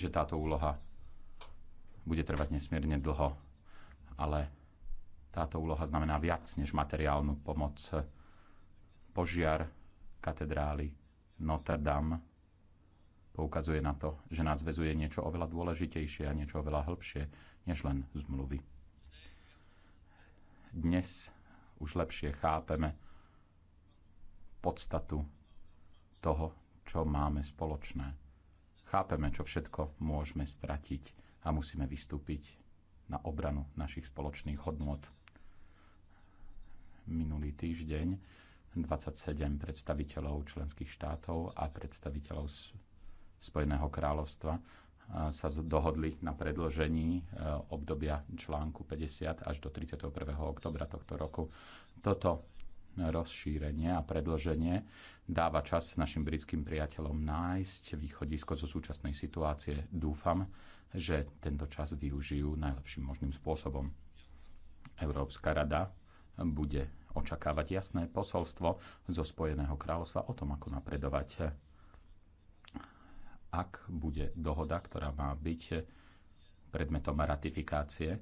že táto úloha bude trvať nesmierne dlho, ale táto úloha znamená viac než materiálnu pomoc. Požiar katedrály Notre Dame poukazuje na to, že nás vezuje niečo oveľa dôležitejšie a niečo oveľa hĺbšie, než len zmluvy. Dnes už lepšie chápeme podstatu toho, čo máme spoločné chápeme, čo všetko môžeme stratiť a musíme vystúpiť na obranu našich spoločných hodnot. Minulý týždeň 27 predstaviteľov členských štátov a predstaviteľov Spojeného kráľovstva sa dohodli na predložení e, obdobia článku 50 až do 31. oktobra tohto roku. Toto rozšírenie a predlženie dáva čas našim britským priateľom nájsť východisko zo súčasnej situácie. Dúfam, že tento čas využijú najlepším možným spôsobom. Európska rada bude očakávať jasné posolstvo zo Spojeného kráľovstva o tom, ako napredovať. Ak bude dohoda, ktorá má byť predmetom ratifikácie,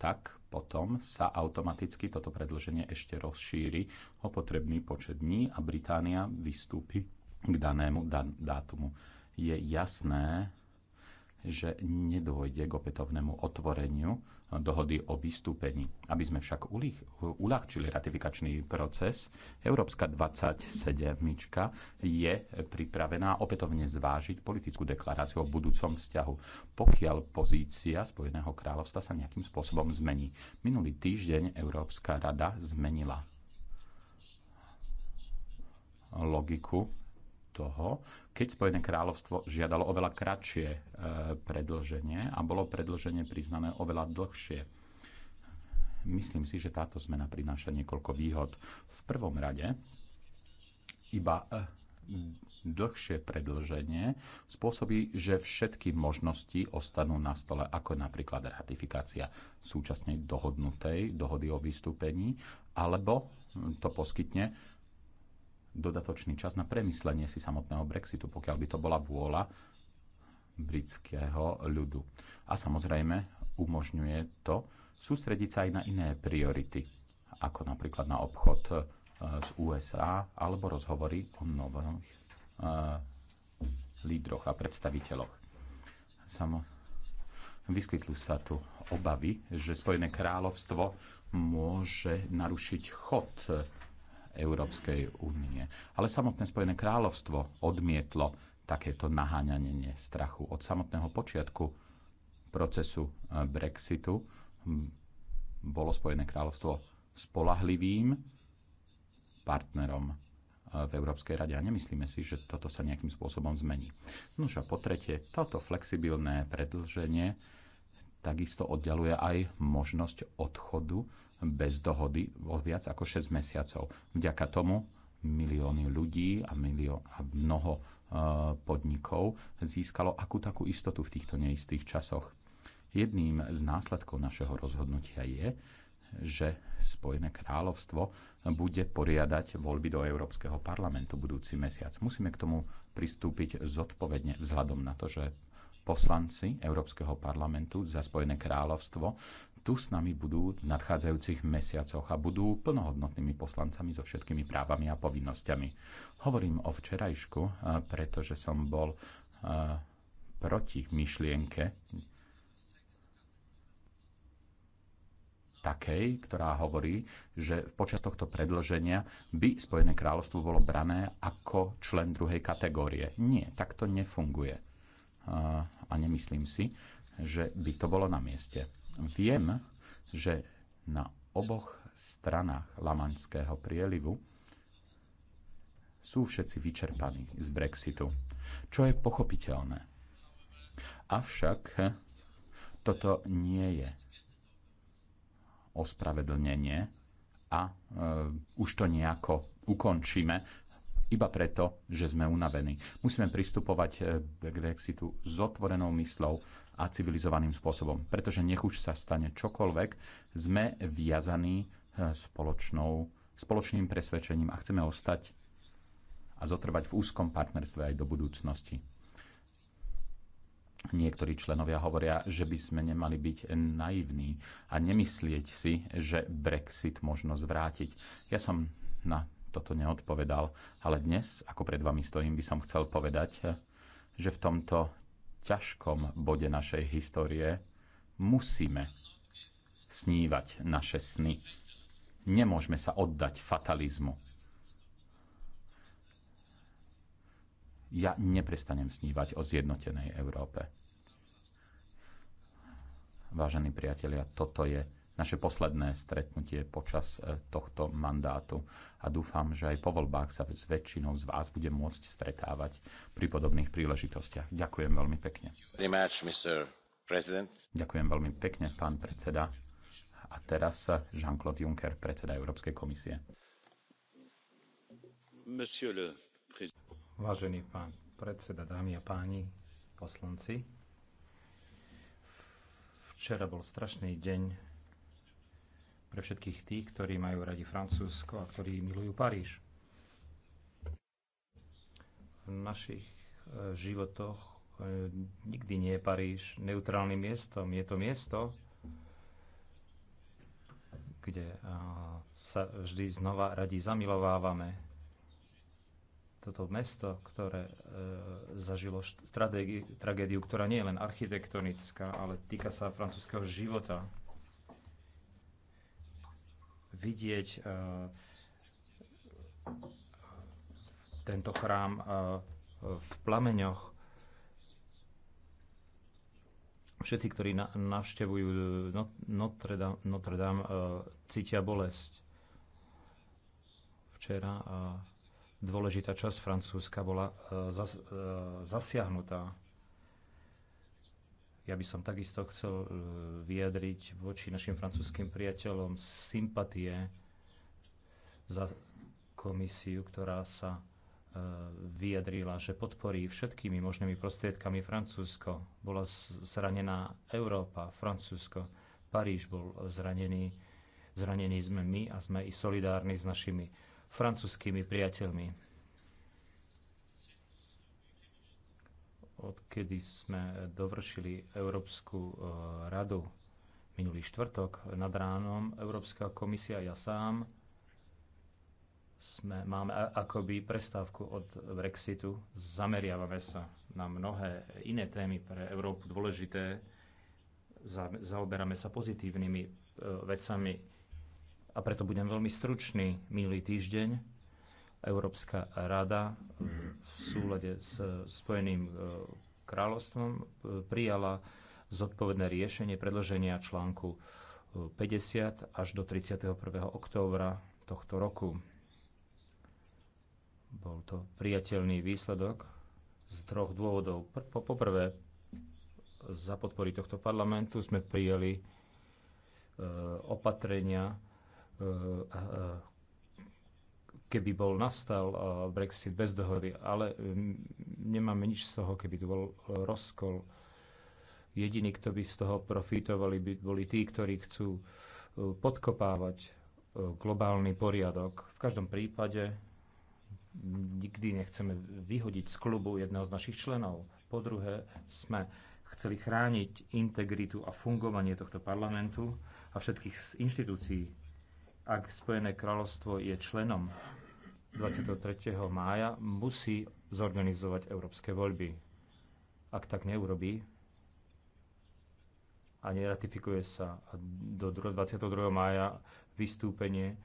tak potom sa automaticky toto predlženie ešte rozšíri o potrebný počet dní a Británia vystúpi k danému dátumu. Je jasné, že nedôjde k opätovnému otvoreniu dohody o vystúpení. Aby sme však uľahčili ratifikačný proces, Európska 27 je pripravená opätovne zvážiť politickú deklaráciu o budúcom vzťahu, pokiaľ pozícia Spojeného kráľovstva sa nejakým spôsobom zmení. Minulý týždeň Európska rada zmenila logiku toho, keď Spojené kráľovstvo žiadalo oveľa kratšie e, predlženie a bolo predlženie priznané oveľa dlhšie. Myslím si, že táto zmena prináša niekoľko výhod. V prvom rade iba e, dlhšie predlženie spôsobí, že všetky možnosti ostanú na stole, ako napríklad ratifikácia súčasnej dohodnutej dohody o vystúpení, alebo to poskytne dodatočný čas na premyslenie si samotného Brexitu, pokiaľ by to bola vôľa britského ľudu. A samozrejme umožňuje to sústrediť sa aj na iné priority, ako napríklad na obchod z e, USA alebo rozhovory o nových uh, lídroch a predstaviteľoch. Samo, vyskytli sa tu obavy, že Spojené kráľovstvo môže narušiť chod Európskej únie. Ale samotné Spojené kráľovstvo odmietlo takéto naháňanie strachu. Od samotného počiatku procesu e, Brexitu bolo Spojené kráľovstvo spolahlivým partnerom e, v Európskej rade a nemyslíme si, že toto sa nejakým spôsobom zmení. No a po tretie, toto flexibilné predlženie takisto oddialuje aj možnosť odchodu bez dohody o viac ako 6 mesiacov. Vďaka tomu milióny ľudí a, milió, a mnoho e, podnikov získalo akú takú istotu v týchto neistých časoch. Jedným z následkov našeho rozhodnutia je, že Spojené kráľovstvo bude poriadať voľby do Európskeho parlamentu budúci mesiac. Musíme k tomu pristúpiť zodpovedne vzhľadom na to, že poslanci Európskeho parlamentu za Spojené kráľovstvo tu s nami budú v nadchádzajúcich mesiacoch a budú plnohodnotnými poslancami so všetkými právami a povinnosťami. Hovorím o včerajšku, pretože som bol proti myšlienke takej, ktorá hovorí, že počas tohto predlženia by Spojené kráľovstvo bolo brané ako člen druhej kategórie. Nie, tak to nefunguje. A nemyslím si, že by to bolo na mieste. Viem, že na oboch stranách Lamanského prielivu sú všetci vyčerpaní z Brexitu, čo je pochopiteľné. Avšak toto nie je ospravedlnenie a e, už to nejako ukončíme iba preto, že sme unavení. Musíme pristupovať e, k Brexitu s otvorenou myslou a civilizovaným spôsobom. Pretože nech už sa stane čokoľvek, sme viazaní eh, spoločnou, spoločným presvedčením a chceme ostať a zotrvať v úzkom partnerstve aj do budúcnosti. Niektorí členovia hovoria, že by sme nemali byť naivní a nemyslieť si, že Brexit možno zvrátiť. Ja som na toto neodpovedal, ale dnes, ako pred vami stojím, by som chcel povedať, eh, že v tomto ťažkom bode našej histórie musíme snívať naše sny. Nemôžeme sa oddať fatalizmu. Ja neprestanem snívať o zjednotenej Európe. Vážení priatelia, toto je naše posledné stretnutie počas e, tohto mandátu a dúfam, že aj po voľbách sa s väčšinou z vás bude môcť stretávať pri podobných príležitostiach. Ďakujem veľmi pekne. Ďakujem veľmi pekne, pán predseda. A teraz e, Jean-Claude Juncker, predseda Európskej komisie. Vážený pán predseda, dámy a páni poslanci, včera bol strašný deň pre všetkých tých, ktorí majú radi Francúzsko a ktorí milujú Paríž. V našich e, životoch e, nikdy nie je Paríž neutrálnym miestom. Je to miesto, kde e, sa vždy znova radi zamilovávame. Toto mesto, ktoré zažilo tragédiu, ktorá nie je len architektonická, ale týka sa francúzského života, vidieť e, tento chrám e, v plameňoch. Všetci, ktorí navštevujú e, no, Notre Dame, Notre Dame cítia bolesť. Včera dôležitá časť Francúzska bola zasiahnutá ja by som takisto chcel e, vyjadriť voči našim francúzským priateľom sympatie za komisiu, ktorá sa e, vyjadrila, že podporí všetkými možnými prostriedkami Francúzsko. Bola zranená Európa, Francúzsko, Paríž bol zranený. Zranení sme my a sme i solidárni s našimi francúzskými priateľmi. odkedy sme dovršili Európsku e, radu minulý štvrtok nad ránom, Európska komisia a ja sám sme, máme akoby prestávku od Brexitu, zameriavame sa na mnohé iné témy pre Európu dôležité, zaoberáme sa pozitívnymi e, vecami a preto budem veľmi stručný minulý týždeň Európska rada v súlade s Spojeným e, kráľovstvom e, prijala zodpovedné riešenie predloženia článku 50 e, až do 31. októbra tohto roku. Bol to priateľný výsledok z troch dôvodov. Poprvé, za podpory tohto parlamentu sme prijali opatrenia keby bol nastal e, Brexit bez dohody, ale e, nemáme nič z toho, keby tu bol e, rozkol. Jediní, kto by z toho profitovali, by boli tí, ktorí chcú podkopávať globálny poriadok. V každom prípade nikdy nechceme vyhodiť z klubu jedného z našich členov. Po druhé, sme chceli chrániť integritu a fungovanie tohto parlamentu a všetkých inštitúcií. Ak Spojené kráľovstvo je členom 23. mája musí zorganizovať európske voľby. Ak tak neurobí a neratifikuje sa do 22. mája vystúpenie, e,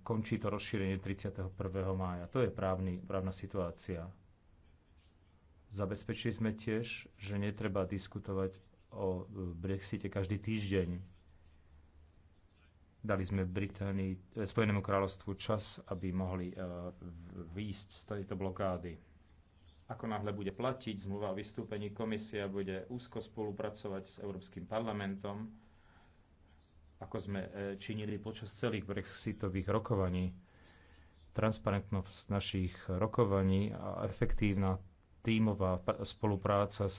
končí to rozšírenie 31. mája. To je právny, právna situácia. Zabezpečili sme tiež, že netreba diskutovať o e, Brexite každý týždeň Dali sme Británii, eh, Spojenému kráľovstvu čas, aby mohli eh, výjsť z tejto blokády. Ako náhle bude platiť zmluva o vystúpení, komisia bude úzko spolupracovať s Európskym parlamentom, ako sme eh, činili počas celých brexitových rokovaní. Transparentnosť našich rokovaní a efektívna tímová spolupráca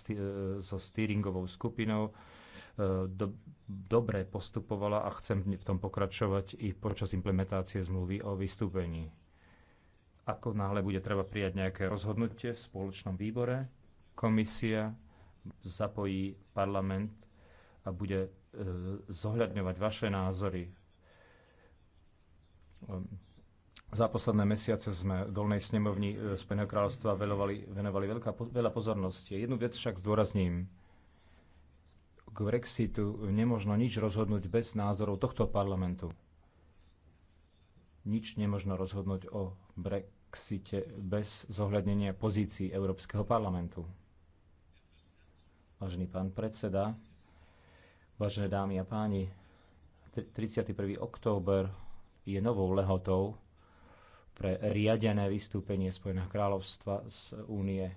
so steeringovou skupinou E, do, dobre postupovala a chcem v tom pokračovať i počas implementácie zmluvy o vystúpení. Ako náhle bude treba prijať nejaké rozhodnutie v spoločnom výbore, komisia zapojí parlament a bude e, zohľadňovať vaše názory. Za posledné mesiace sme v Dolnej snemovni e, Spojeného kráľovstva venovali, venovali veľká, veľa pozornosti. Jednu vec však zdôrazním k Brexitu nemožno nič rozhodnúť bez názorov tohto parlamentu. Nič nemožno rozhodnúť o Brexite bez zohľadnenia pozícií Európskeho parlamentu. Vážený pán predseda, vážené dámy a páni, 31. október je novou lehotou pre riadené vystúpenie Spojeného kráľovstva z únie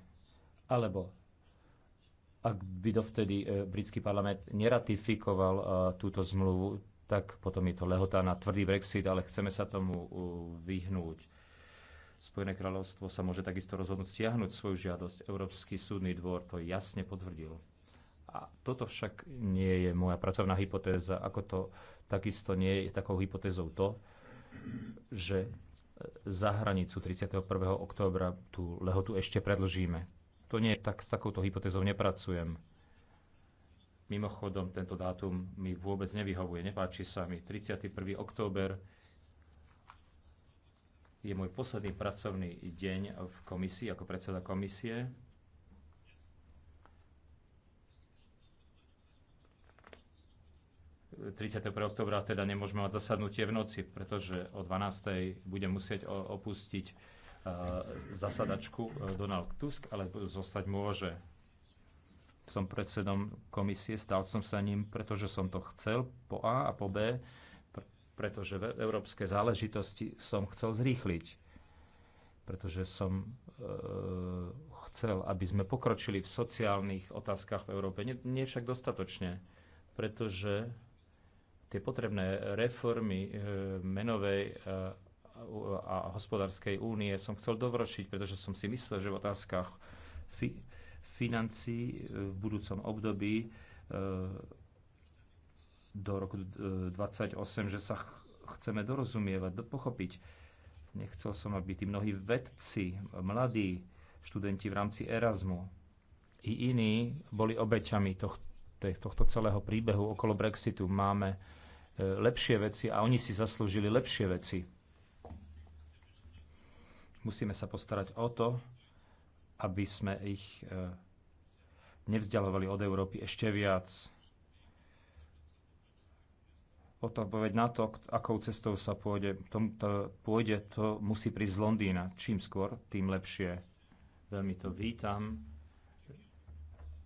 alebo ak by dovtedy e, britský parlament neratifikoval e, túto zmluvu, tak potom je to lehota na tvrdý Brexit, ale chceme sa tomu vyhnúť. Spojené kráľovstvo sa môže takisto rozhodnúť stiahnuť svoju žiadosť. Európsky súdny dvor to jasne potvrdil. A toto však nie je moja pracovná hypotéza, ako to takisto nie je takou hypotézou to, že za hranicu 31. októbra tú lehotu ešte predlžíme. To nie je tak, s takouto hypotézou nepracujem. Mimochodom, tento dátum mi vôbec nevyhovuje, nepáči sa mi. 31. október je môj posledný pracovný deň v komisii, ako predseda komisie. ...31. oktobra teda nemôžeme mať zasadnutie v noci, pretože o 12. budem musieť opustiť. Eh, zasadačku eh, Donald Tusk, ale zostať môže. Som predsedom komisie, stal som sa ním, pretože som to chcel po A a po B, pretože v európske záležitosti som chcel zrýchliť. Pretože som e, chcel, aby sme pokročili v sociálnych otázkach v Európe. Nie, nie však dostatočne, pretože tie potrebné reformy e, menovej e, a hospodárskej únie som chcel dovršiť, pretože som si myslel, že v otázkach fi- financí e, v budúcom období e, do roku 28, e, že sa ch chceme dorozumievať, pochopiť. Nechcel som, aby tí mnohí vedci, mladí študenti v rámci Erasmu i iní boli obeťami tohto tohto celého príbehu okolo Brexitu. Máme e, lepšie veci a oni si zaslúžili lepšie veci. Musíme sa postarať o to, aby sme ich e, nevzdialovali od Európy ešte viac. Odpoveď na to, akou cestou sa pôjde, tomto pôjde, to musí prísť z Londýna. Čím skôr, tým lepšie. Veľmi to vítam,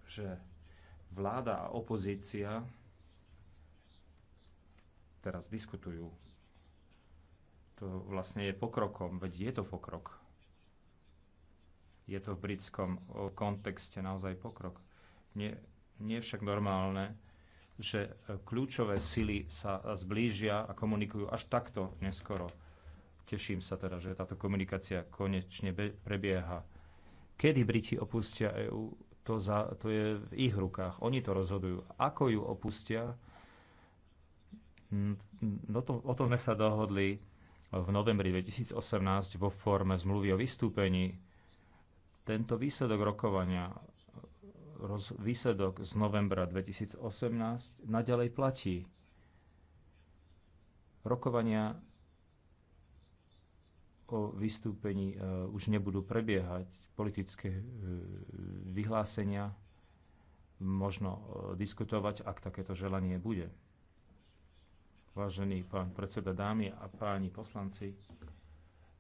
že vláda a opozícia teraz diskutujú to vlastne je pokrokom, veď je to pokrok. Je to v britskom kontexte naozaj pokrok. Nie, nie však normálne, že kľúčové sily sa zblížia a komunikujú až takto neskoro. Teším sa teda, že táto komunikácia konečne prebieha. Kedy Briti opustia EÚ, to, to je v ich rukách. Oni to rozhodujú. Ako ju opustia, hm, hm, no to, o tom sme sa dohodli v novembri 2018 vo forme zmluvy o vystúpení. Tento výsledok rokovania, roz, výsledok z novembra 2018 naďalej platí. Rokovania o vystúpení e, už nebudú prebiehať. Politické e, vyhlásenia možno e, diskutovať, ak takéto želanie bude. Vážený pán predseda, dámy a páni poslanci,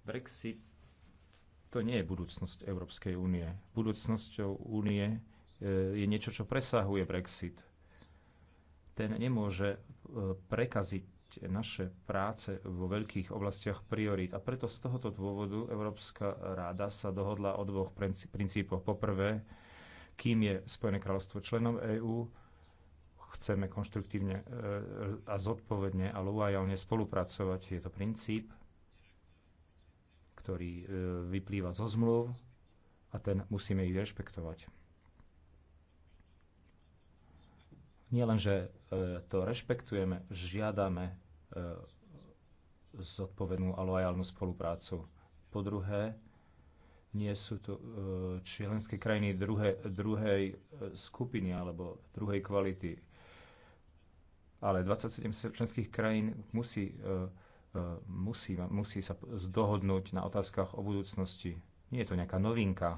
Brexit to nie je budúcnosť Európskej únie. Budúcnosťou únie e, je niečo, čo presahuje Brexit. Ten nemôže e, prekaziť naše práce vo veľkých oblastiach priorít. A preto z tohoto dôvodu Európska ráda sa dohodla o dvoch princípoch. Poprvé, kým je Spojené kráľovstvo členom EÚ, chceme konštruktívne e, e, a zodpovedne a loajálne spolupracovať. Je to princíp, ktorý e, vyplýva zo zmluv a ten musíme ich rešpektovať. Nie len, že to rešpektujeme, žiadame zodpovednú a loajálnu spoluprácu. Po druhé, nie sú to členské krajiny druhé, druhej skupiny alebo druhej kvality ale 27 členských krajín musí, e, e, musí, musí sa zdohodnúť na otázkach o budúcnosti. Nie je to nejaká novinka.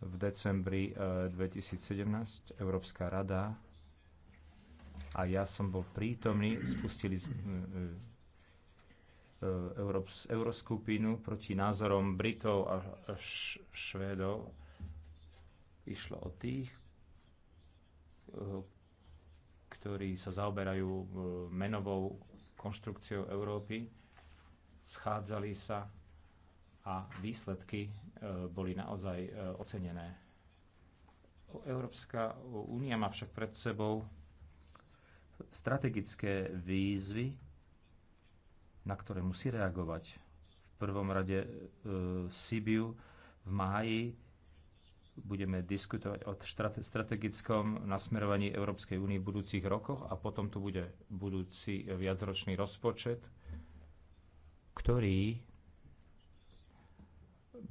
V decembri 2017 e, Európska rada a ja som bol prítomný, spustili euroskupinu proti názorom Britov a Švédov. Išlo o tých, ktorí sa zaoberajú e, menovou konštrukciou Európy, schádzali sa a výsledky e, boli naozaj e, ocenené. Európska únia má však pred sebou strategické výzvy, na ktoré musí reagovať. V prvom rade v Sibiu v máji budeme diskutovať o strategickom nasmerovaní Európskej únie v budúcich rokoch a potom tu bude budúci viacročný rozpočet, ktorý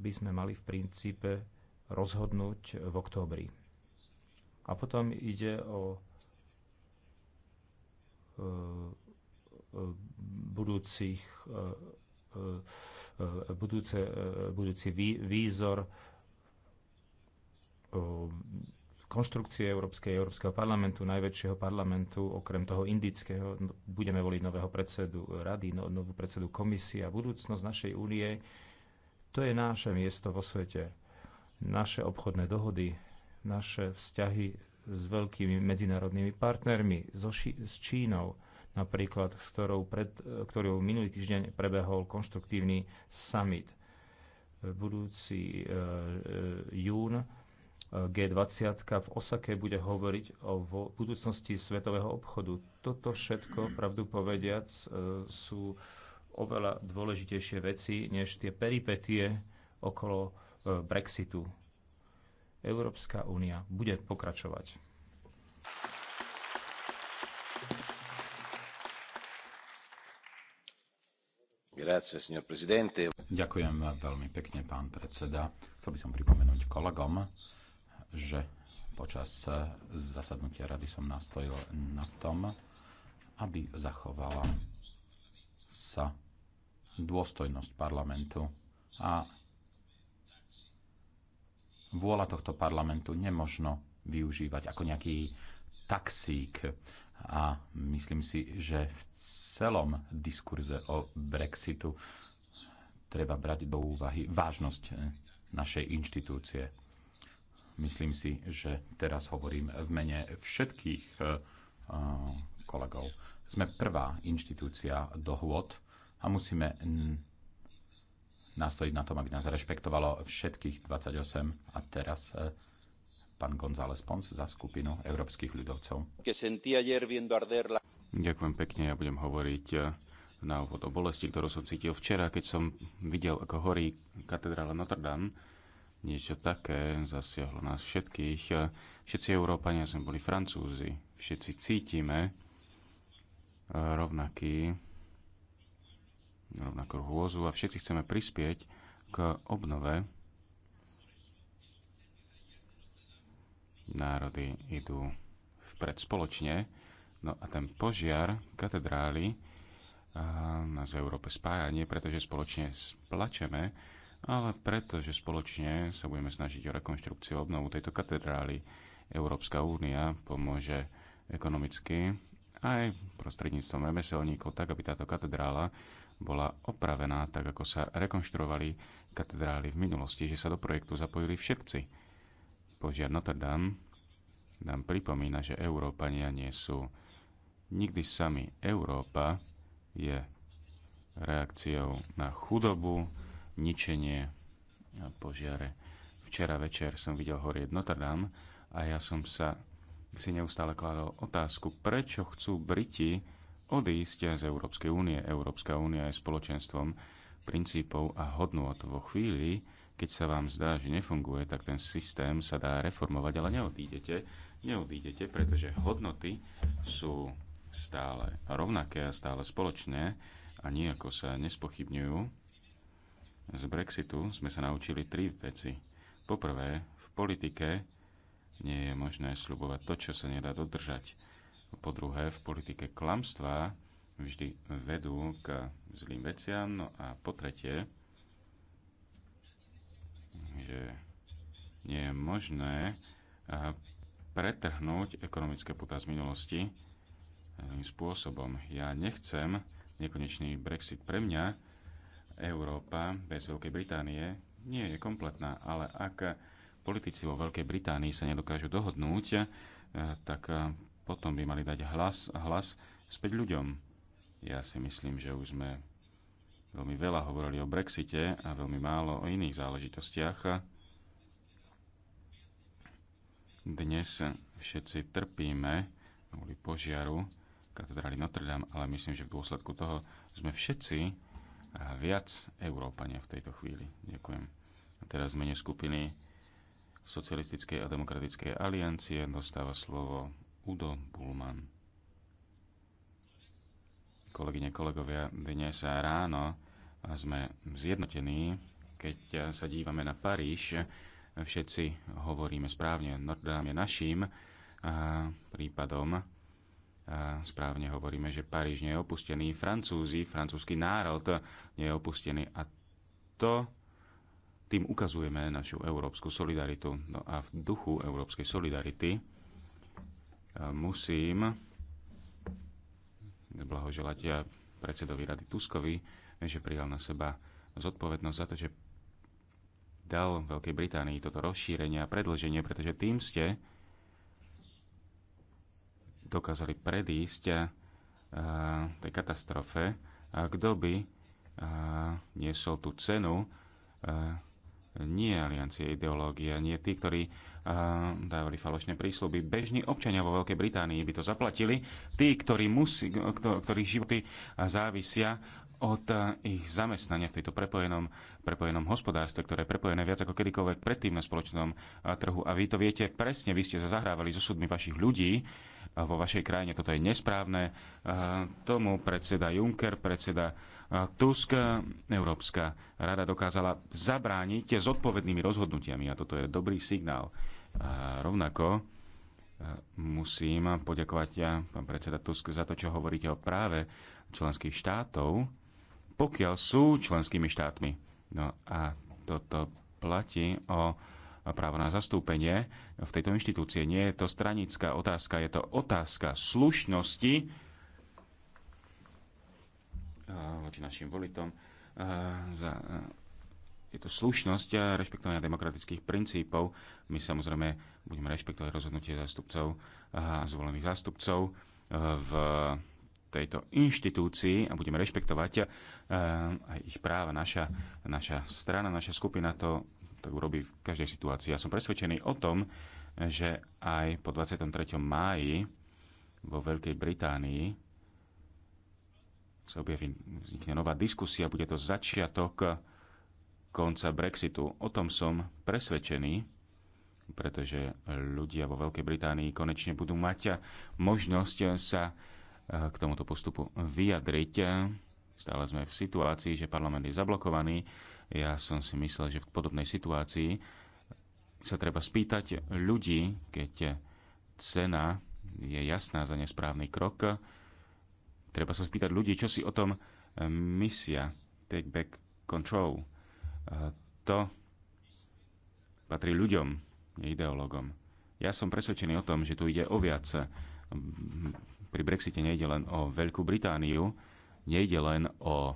by sme mali v princípe rozhodnúť v októbri. A potom ide o e, e, budúcich e, budúce, budúci výzor Um, konštrukcie Európskej, Európskeho parlamentu, najväčšieho parlamentu, okrem toho indického, no, budeme voliť nového predsedu rady, no, novú predsedu komisie a budúcnosť našej únie, to je naše miesto vo svete. Naše obchodné dohody, naše vzťahy s veľkými medzinárodnými partnermi, so ši- s Čínou, napríklad, s ktorou, pred, ktorou minulý týždeň prebehol konštruktívny summit. Budúci e, e, jún G20 v Osake bude hovoriť o budúcnosti svetového obchodu. Toto všetko, pravdu povediac, e, sú oveľa dôležitejšie veci než tie peripetie okolo e, Brexitu. Európska únia bude pokračovať. Grazie, signor Presidente. Ďakujem veľmi pekne, pán predseda. Chcel by som pripomenúť kolegom, že počas e, zasadnutia rady som nastojil na tom, aby zachovala sa dôstojnosť parlamentu a vôľa tohto parlamentu nemožno využívať ako nejaký taxík. A myslím si, že v celom diskurze o Brexitu treba brať do úvahy vážnosť e, našej inštitúcie myslím si, že teraz hovorím v mene všetkých e, e, kolegov. Sme prvá inštitúcia dohôd a musíme nastojiť na tom, aby nás rešpektovalo všetkých 28 a teraz e, pán González Pons za skupinu európskych ľudovcov. Ďakujem pekne, ja budem hovoriť na úvod o bolesti, ktorú som cítil včera, keď som videl, ako horí katedrála Notre Dame niečo také zasiahlo nás všetkých. Všetci Európania sme boli Francúzi. Všetci cítime eh, rovnaký rovnakú hôzu a všetci chceme prispieť k obnove. Národy idú vpred spoločne. No a ten požiar katedrály eh, nás v Európe spája, nie pretože spoločne splačeme, ale preto, že spoločne sa budeme snažiť o rekonštrukciu obnovu tejto katedrály. Európska únia pomôže ekonomicky aj prostredníctvom remeselníkov, tak aby táto katedrála bola opravená, tak ako sa rekonštruovali katedrály v minulosti, že sa do projektu zapojili všetci. Požiar Notre Dame nám pripomína, že Európania nie sú nikdy sami. Európa je reakciou na chudobu, ničenie a e, požiare. Včera večer som videl horieť Notre Dame a ja som sa si neustále kladol otázku, prečo chcú Briti odísť z Európskej únie. Európska únia je spoločenstvom princípov a hodnot Vo chvíli, keď sa vám zdá, že nefunguje, tak ten systém sa dá reformovať, ale neodídete, neodídete, pretože hodnoty sú stále rovnaké a stále spoločné a nejako sa nespochybňujú z Brexitu sme sa naučili tri veci. Poprvé, v politike nie je možné slubovať to, čo sa nedá dodržať. Po druhé, v politike klamstvá vždy vedú k zlým veciam. No a po tretie, že nie je možné pretrhnúť ekonomické puta z minulosti e, spôsobom. Ja nechcem nekonečný Brexit pre mňa, Európa bez Veľkej Británie nie je kompletná, ale ak politici vo Veľkej Británii sa nedokážu dohodnúť, eh, tak eh, potom by mali dať hlas, hlas späť ľuďom. Ja si myslím, že už sme veľmi veľa hovorili o Brexite a veľmi málo o iných záležitostiach. Dnes všetci trpíme kvôli požiaru katedrály Notre Dame, ale myslím, že v dôsledku toho sme všetci viac Európania v tejto chvíli. Ďakujem. A teraz mene skupiny Socialistickej a demokratickej aliancie dostáva slovo Udo Bulman. Kolegyne, kolegovia, dnes ráno sme zjednotení, keď sa dívame na Paríž. Všetci hovoríme správne, Notre je našim prípadom správne hovoríme, že Paríž nie je opustený, Francúzi, francúzsky národ nie je opustený a to tým ukazujeme našu európsku solidaritu. No a v duchu európskej solidarity e, musím blahoželať ja e, predsedovi Rady Tuskovi, že prijal na seba zodpovednosť za to, že dal Veľkej Británii toto rozšírenie a predlženie, pretože tým ste dokázali predísť eh, tej katastrofe, a kto by eh, niesol tú cenu eh, nie aliancie ideológia, nie tí, ktorí dávali falošné prísľuby. Bežní občania vo Veľkej Británii by to zaplatili. Tí, ktorí musí, ktorých životy závisia od eh, ich zamestnania v tejto prepojenom, prepojenom hospodárstve, ktoré je prepojené viac ako kedykoľvek predtým na spoločnom eh, trhu. A vy to viete presne, vy ste sa zahrávali so súdmi vašich ľudí eh, vo vašej krajine. Toto je nesprávne. Tomu predseda Juncker, predseda Tusk, Európska rada dokázala zabrániť zodpovednými rozhodnutiami. A toto je dobrý signál. A rovnako musím poďakovať ja, pán predseda Tusk, za to, čo hovoríte o práve členských štátov pokiaľ sú členskými štátmi. No a toto platí o právo na zastúpenie v tejto inštitúcie. Nie je to stranická otázka, je to otázka slušnosti voči našim volitom. Za, je to slušnosť a rešpektovania demokratických princípov. My samozrejme budeme rešpektovať rozhodnutie zástupcov a zvolených zástupcov e, v tejto inštitúcii a budeme rešpektovať eh, aj ich práva. Naša, naša strana, naša skupina to, to urobí v každej situácii. Ja som presvedčený o tom, že aj po 23. máji vo Veľkej Británii sa objaví, vznikne nová diskusia, bude to začiatok konca Brexitu. O tom som presvedčený pretože ľudia vo Veľkej Británii konečne budú mať možnosť sa k tomuto postupu vyjadriť. Stále sme v situácii, že parlament je zablokovaný. Ja som si myslel, že v podobnej situácii sa treba spýtať ľudí, keď cena je jasná za nesprávny krok. Treba sa spýtať ľudí, čo si o tom misia Take Back Control. To patrí ľuďom, ideológom. Ja som presvedčený o tom, že tu ide o viac pri Brexite nejde len o Veľkú Britániu, nejde len o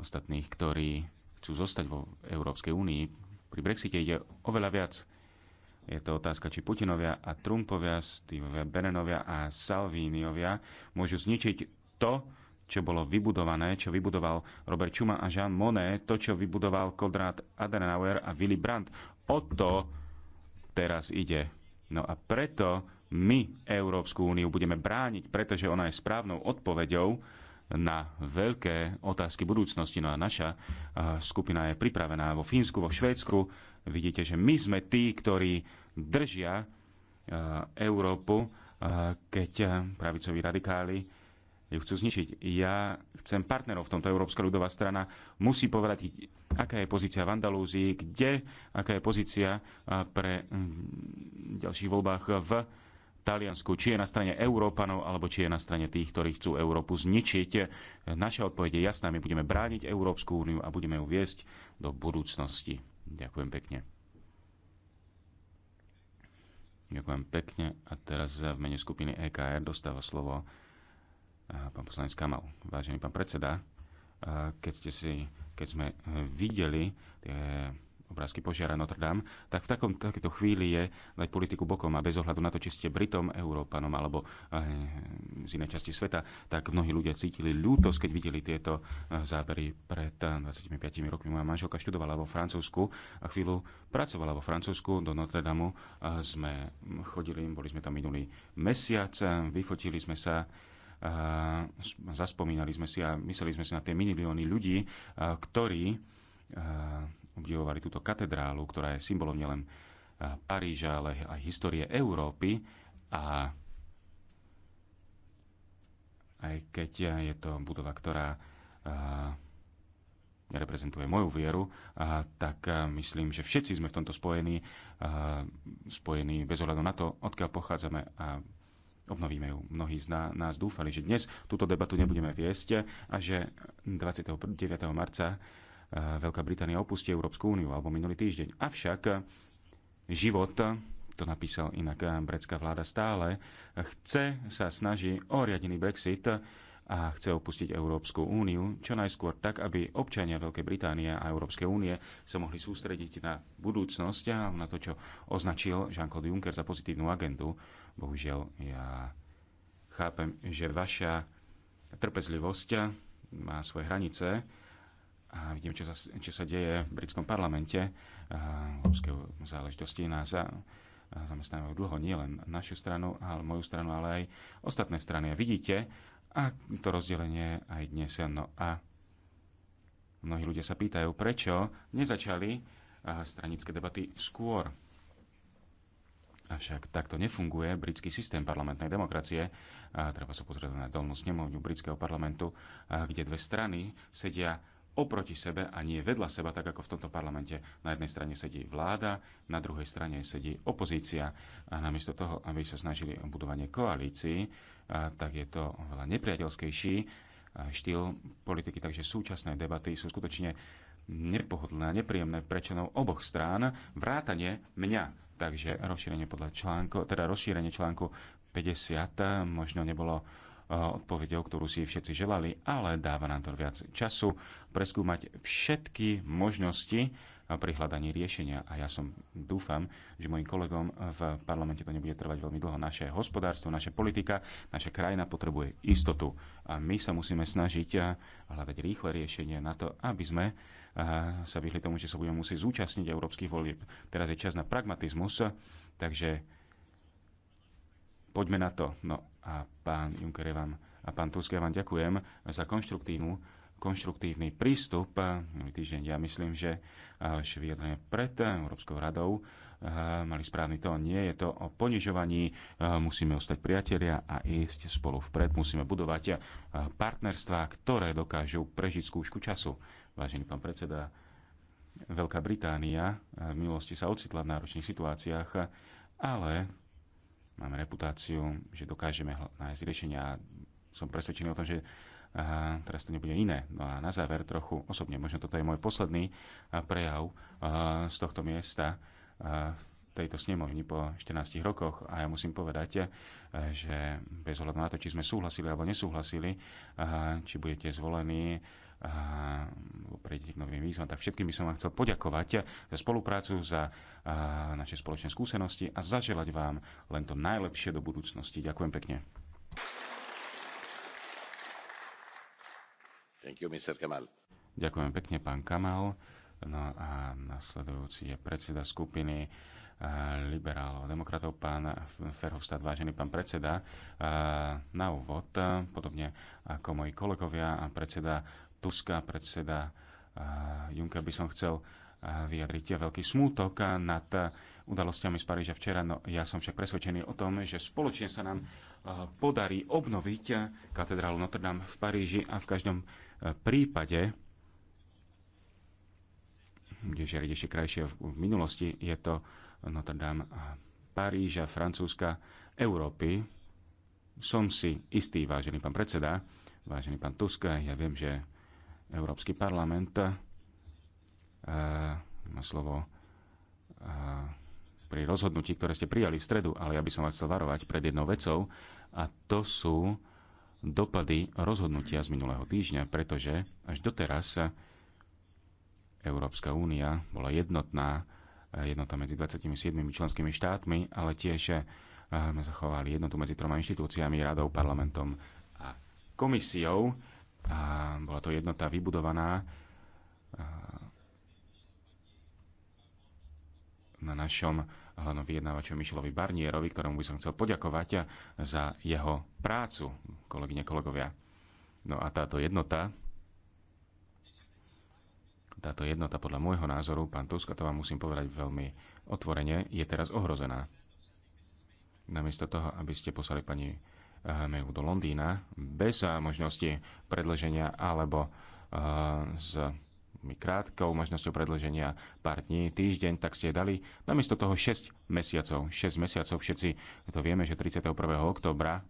ostatných, ktorí chcú zostať vo Európskej únii. Pri Brexite ide oveľa viac. Je to otázka, či Putinovia a Trumpovia, Steveovia, Berenovia a Salviniovia môžu zničiť to, čo bolo vybudované, čo vybudoval Robert Schumann a Jean Monnet, to, čo vybudoval Konrad Adenauer a Willy Brandt. O to teraz ide. No a preto my Európsku úniu budeme brániť, pretože ona je správnou odpoveďou na veľké otázky budúcnosti. No a naša eh, skupina je pripravená vo Fínsku, vo Švédsku. Vidíte, že my sme tí, ktorí držia eh, Európu, eh, keď pravicoví radikáli ju chcú zničiť. Ja chcem partnerov v tomto Európska ľudová strana. Musí povedať, aká je pozícia v Andalúzii, kde, aká je pozícia pre hm, ďalších voľbách v Taliansku, či je na strane Európanov, alebo či je na strane tých, ktorí chcú Európu zničiť. Naša odpoveď je jasná, my budeme brániť Európsku úniu a budeme ju viesť do budúcnosti. Ďakujem pekne. Ďakujem pekne. A teraz v mene skupiny EKR dostáva slovo pán poslanec Kamal. Vážený pán predseda, keď, ste si, keď sme videli tie obrázky požiara Notre Dame, tak v takom, takéto chvíli je dať politiku bokom a bez ohľadu na to, či ste Britom, Európanom alebo eh, z inej časti sveta, tak mnohí ľudia cítili ľútosť, keď videli tieto eh, zábery pred 25 eh, rokmi. Moja manželka študovala vo Francúzsku a chvíľu pracovala vo Francúzsku do Notre Dame. Sme chodili, boli sme tam minulý mesiac, vyfotili sme sa zaspomínali sme si a mysleli sme si na tie milióny ľudí, ktorí obdivovali túto katedrálu, ktorá je symbolom nielen eh, Paríža, ale aj histórie Európy. A aj keď je to budova, ktorá eh, reprezentuje moju vieru, eh, tak myslím, že všetci sme v tomto spojení, spojení bez ohľadu na to, odkiaľ pochádzame a obnovíme ju. Mnohí z nás dúfali, že dnes túto debatu nebudeme viesť a že 29. marca Eh, Veľká Británia opustí Európsku úniu, alebo minulý týždeň. Avšak eh, život, to napísal inak eh, britská vláda stále, chce sa snaží o riadený Brexit a chce opustiť Európsku úniu čo najskôr tak, aby občania Veľkej Británie a Európskej únie sa mohli sústrediť na budúcnosť a na to, čo označil Jean-Claude Juncker za pozitívnu agendu. Bohužiaľ, ja chápem, že vaša trpezlivosť má svoje hranice, a vidím, čo sa, čo sa deje v britskom parlamente. Európske záležitosti nás za, zamestnávajú dlho nielen našu stranu, ale moju stranu, ale aj ostatné strany. A vidíte, a to rozdelenie aj dnes. No a mnohí ľudia sa pýtajú, prečo nezačali stranické debaty skôr. Avšak takto nefunguje britský systém parlamentnej demokracie. A treba sa pozrieť na dolnú snemovňu britského parlamentu, kde dve strany sedia oproti sebe a nie vedľa seba, tak ako v tomto parlamente. Na jednej strane sedí vláda, na druhej strane sedí opozícia. A namiesto toho, aby sa snažili o budovanie koalícií, tak je to oveľa nepriateľskejší štýl politiky. Takže súčasné debaty sú skutočne nepohodlné a nepríjemné pre členov oboch strán, vrátanie mňa. Takže rozšírenie podľa článku, teda rozšírenie článku 50 možno nebolo E, odpovedou, ktorú si všetci želali, ale dáva nám to viac času preskúmať všetky možnosti e, pri hľadaní riešenia. A ja som dúfam, že mojim kolegom v parlamente to nebude trvať veľmi dlho. Naše hospodárstvo, naša politika, naša krajina potrebuje istotu. A my sa musíme snažiť e, hľadať rýchle riešenie na to, aby sme sa vyhli tomu, že sa budeme musieť zúčastniť európskych volieb. Teraz je čas na pragmatizmus, takže poďme na to. No a pán Juncker vám a pán Tusk, ja vám ďakujem za konštruktívnu konštruktívny prístup. Eh, minulý týždeň ja myslím, že až eh, vyjadrenie pred eh, Európskou radou mali správny tón. Nie je to o ponižovaní, musíme ostať priatelia a ísť spolu vpred. Musíme budovať partnerstva, ktoré dokážu prežiť skúšku času. Vážený pán predseda, Veľká Británia v minulosti sa ocitla v náročných situáciách, ale máme reputáciu, že dokážeme nájsť riešenia a som presvedčený o tom, že aha, teraz to nebude iné. No a na záver trochu osobne, možno toto je môj posledný prejav aha, z tohto miesta aha, v tejto snemovni po 14 rokoch a ja musím povedať, že bez ohľadu na to, či sme súhlasili alebo nesúhlasili, aha, či budete zvolení, prejdete k novým výzvam. Tak všetkým by som vám chcel poďakovať za spoluprácu, za naše spoločné skúsenosti a zaželať vám len to najlepšie do budúcnosti. Ďakujem pekne. Thank you, Mr. Kamal. Ďakujem pekne, pán Kamal. No a nasledujúci je predseda skupiny liberálov a demokratov, pán Ferhovstad, vážený pán predseda. Na úvod, podobne ako moji kolegovia a predseda Tuska, predseda Juncker by som chcel vyjadriť veľký smútok nad udalosťami z Paríža včera. No, ja som však presvedčený o tom, že spoločne sa nám podarí obnoviť katedrálu Notre Dame v Paríži a v každom prípade kde žiariť ešte krajšie v, minulosti, je to Notre Dame Paríža, Francúzska, Európy. Som si istý, vážený pán predseda, vážený pán Tuska, ja viem, že Európsky parlament eh, má slovo eh, pri rozhodnutí, ktoré ste prijali v stredu, ale ja by som vás chcel varovať pred jednou vecou a to sú dopady rozhodnutia z minulého týždňa, pretože až doteraz Európska únia bola jednotná, eh, jednota medzi 27 členskými štátmi, ale tiež sme zachovali jednotu medzi troma inštitúciami, radou, parlamentom a komisiou a bola to jednota vybudovaná na našom hlavnom vyjednávačom Mišelovi Barnierovi, ktorému by som chcel poďakovať za jeho prácu, kolegyne, kolegovia. No a táto jednota, táto jednota podľa môjho názoru, pán Tusk, to vám musím povedať veľmi otvorene, je teraz ohrozená. Namiesto toho, aby ste poslali pani majú do Londýna bez eh, možnosti predlženia alebo eh, s krátkou možnosťou predlženia pár dní, týždeň, tak ste dali namiesto toho 6 mesiacov. 6 mesiacov, všetci to vieme, že 31. oktobra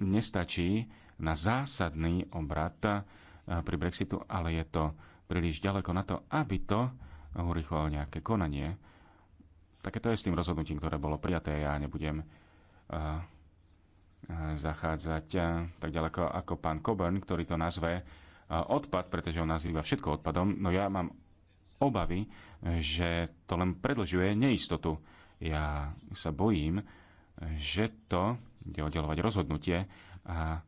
nestačí na zásadný obrat eh, pri Brexitu, ale je to príliš ďaleko na to, aby to urychlo nejaké konanie. Také to je s tým rozhodnutím, ktoré bolo prijaté. Ja nebudem eh, eh, zachádzať eh, tak ďaleko ako pán Coburn, ktorý to nazve odpad, pretože on nazýva všetko odpadom. No ja mám obavy, že to len predlžuje neistotu. Ja sa bojím, že to ide oddelovať rozhodnutie a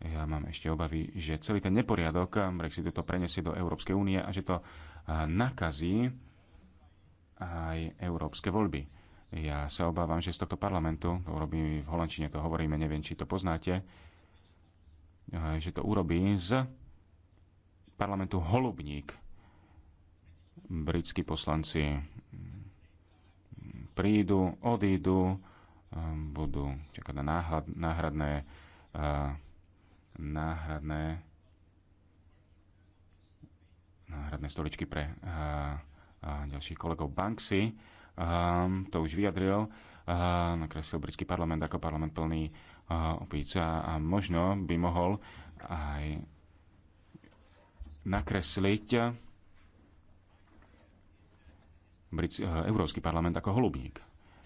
ja mám ešte obavy, že celý ten neporiadok Brexitu to preniesie do Európskej únie a že to nakazí aj európske voľby. Ja sa obávam, že z tohto parlamentu, to urobí v Holandčine, to hovoríme, neviem, či to poznáte, eh, že to urobí z parlamentu Holubník. Britskí poslanci mm, prídu, odídu, eh, budú čakať na náhrad, náhradné, eh, náhradné, náhradné stoličky pre a ďalších kolegov Banksy. Um, to už vyjadril, uh, ehm, nakreslil britský parlament ako parlament plný uh, ehm, opíc a možno by mohol aj nakresliť Brit- uh, Európsky parlament ako holubník.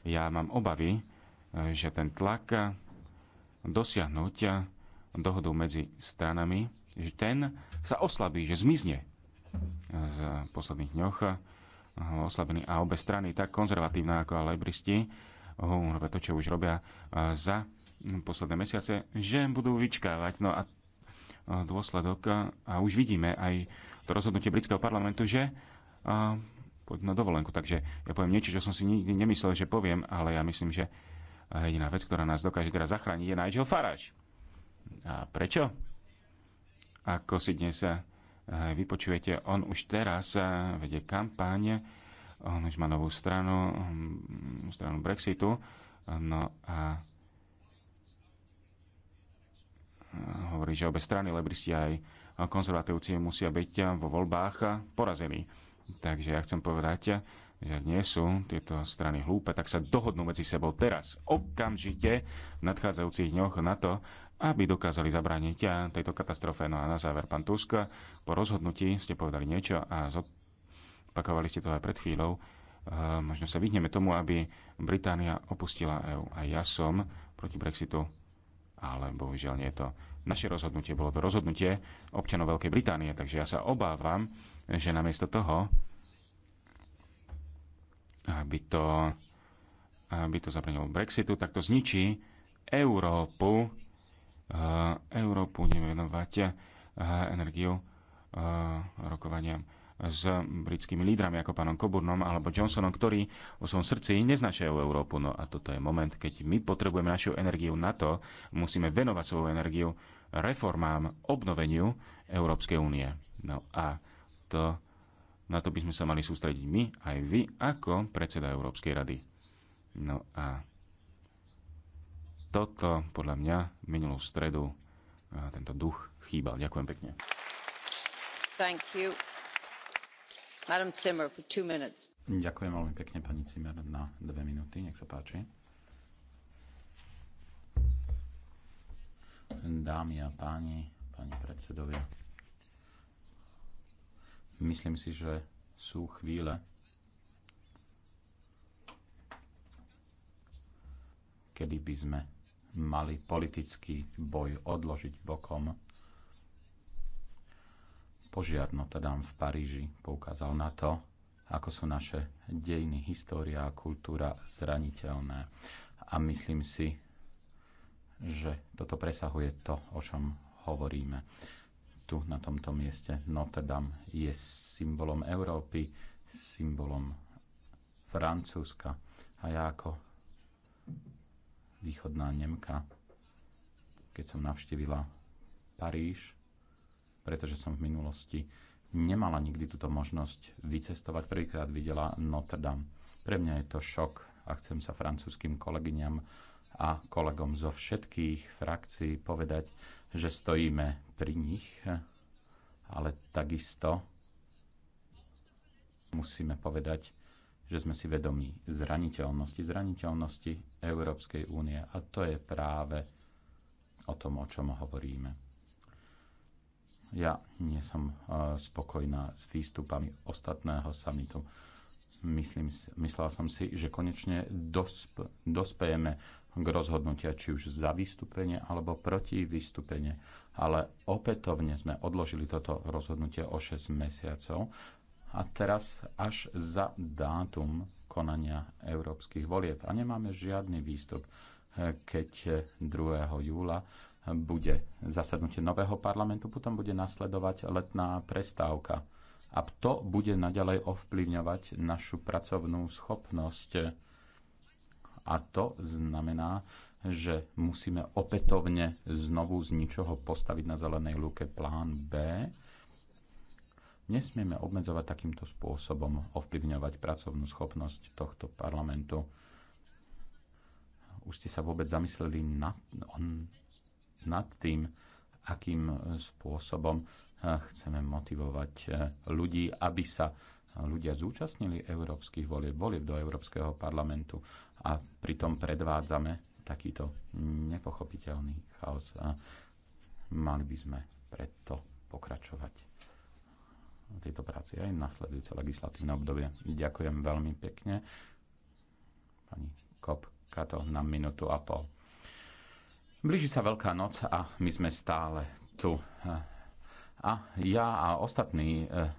Ja mám obavy, uh, že ten tlak dosiahnuť dohodu medzi stranami, že ten sa oslabí, že zmizne. Z posledných dňoch oslabení a obe strany, tak konzervatívna ako ale bristi, robia to, čo už robia e, za posledné mesiace, že budú vyčkávať. No a e, dôsledok, e, a už vidíme aj to rozhodnutie britského parlamentu, že poď na dovolenku. Takže ja poviem niečo, čo som si nikdy nemyslel, že poviem, ale ja myslím, že jediná vec, ktorá nás dokáže teraz zachrániť, je Nigel Farage. A prečo? Ako si dnes sa vypočujete, on už teraz eh, vedie kampaň, on už má novú stranu, hm, stranu Brexitu, no a eh, hovorí, že obe strany, lebristi aj konzervatívci musia byť eh, vo voľbách porazení. Takže ja chcem povedať, že ak nie sú tieto strany hlúpe, tak sa dohodnú medzi sebou teraz, okamžite, v nadchádzajúcich dňoch na to, aby dokázali zabrániť eh, tejto katastrofe. No a na záver, pán Tusk, po rozhodnutí ste povedali niečo a zopakovali ste to aj pred chvíľou. Eh, možno sa vyhneme tomu, aby Británia opustila EÚ. A ja som proti Brexitu, ale bohužiaľ nie je to naše rozhodnutie. Bolo to rozhodnutie občanov Veľkej Británie, takže ja sa obávam, že namiesto toho, aby to, aby to zabranilo Brexitu, tak to zničí Európu Európu, nevenovať venovať energiu rokovaniam s britskými lídrami ako pánom Coburnom alebo Johnsonom, ktorí o svojom srdci neznačajú Európu. No a toto je moment, keď my potrebujeme našu energiu na to, musíme venovať svoju energiu reformám, obnoveniu Európskej únie. No a to, na to by sme sa mali sústrediť my, aj vy, ako predseda Európskej rady. No a toto podľa mňa minulú stredu e, tento duch chýbal. Ďakujem pekne. Thank you. Madam Zimmer, for two minutes. Ďakujem veľmi pekne, pani Zimmer, na dve minúty. Nech sa páči. Dámy a páni, páni predsedovia, myslím si, že sú chvíle, kedy by sme mali politický boj odložiť bokom. Požiar Notre Dame v Paríži poukázal na to, ako sú naše dejiny, história a kultúra zraniteľné. A myslím si, že toto presahuje to, o čom hovoríme. Tu na tomto mieste Notre Dame je symbolom Európy, symbolom Francúzska. A ja ako východná Nemka, keď som navštívila Paríž, pretože som v minulosti nemala nikdy túto možnosť vycestovať. Prvýkrát videla Notre Dame. Pre mňa je to šok a chcem sa francúzským kolegyňam a kolegom zo všetkých frakcií povedať, že stojíme pri nich, ale takisto musíme povedať, že sme si vedomí zraniteľnosti, zraniteľnosti Európskej únie. A to je práve o tom, o čom hovoríme. Ja nie som e, spokojná s výstupami ostatného samitu. Myslím, myslela som si, že konečne dosp, dospejeme k rozhodnutia či už za vystúpenie alebo proti vystúpenie. Ale opätovne sme odložili toto rozhodnutie o 6 mesiacov a teraz až za dátum konania európskych volieb. A nemáme žiadny výstup, keď 2. júla bude zasadnutie nového parlamentu, potom bude nasledovať letná prestávka. A to bude naďalej ovplyvňovať našu pracovnú schopnosť. A to znamená, že musíme opätovne znovu z ničoho postaviť na zelenej lúke plán B, Nesmieme obmedzovať takýmto spôsobom ovplyvňovať pracovnú schopnosť tohto parlamentu. Už ste sa vôbec zamysleli nad, on, nad tým, akým spôsobom eh, chceme motivovať eh, ľudí, aby sa ľudia zúčastnili európskych volieb, volieb do Európskeho parlamentu a pritom predvádzame takýto nepochopiteľný chaos. A mali by sme preto pokračovať tejto práci aj nasledujúce legislatívne obdobie. Ďakujem veľmi pekne. Pani Kopka to na minútu a pol. Blíži sa Veľká noc a my sme stále tu. A ja a ostatní eh,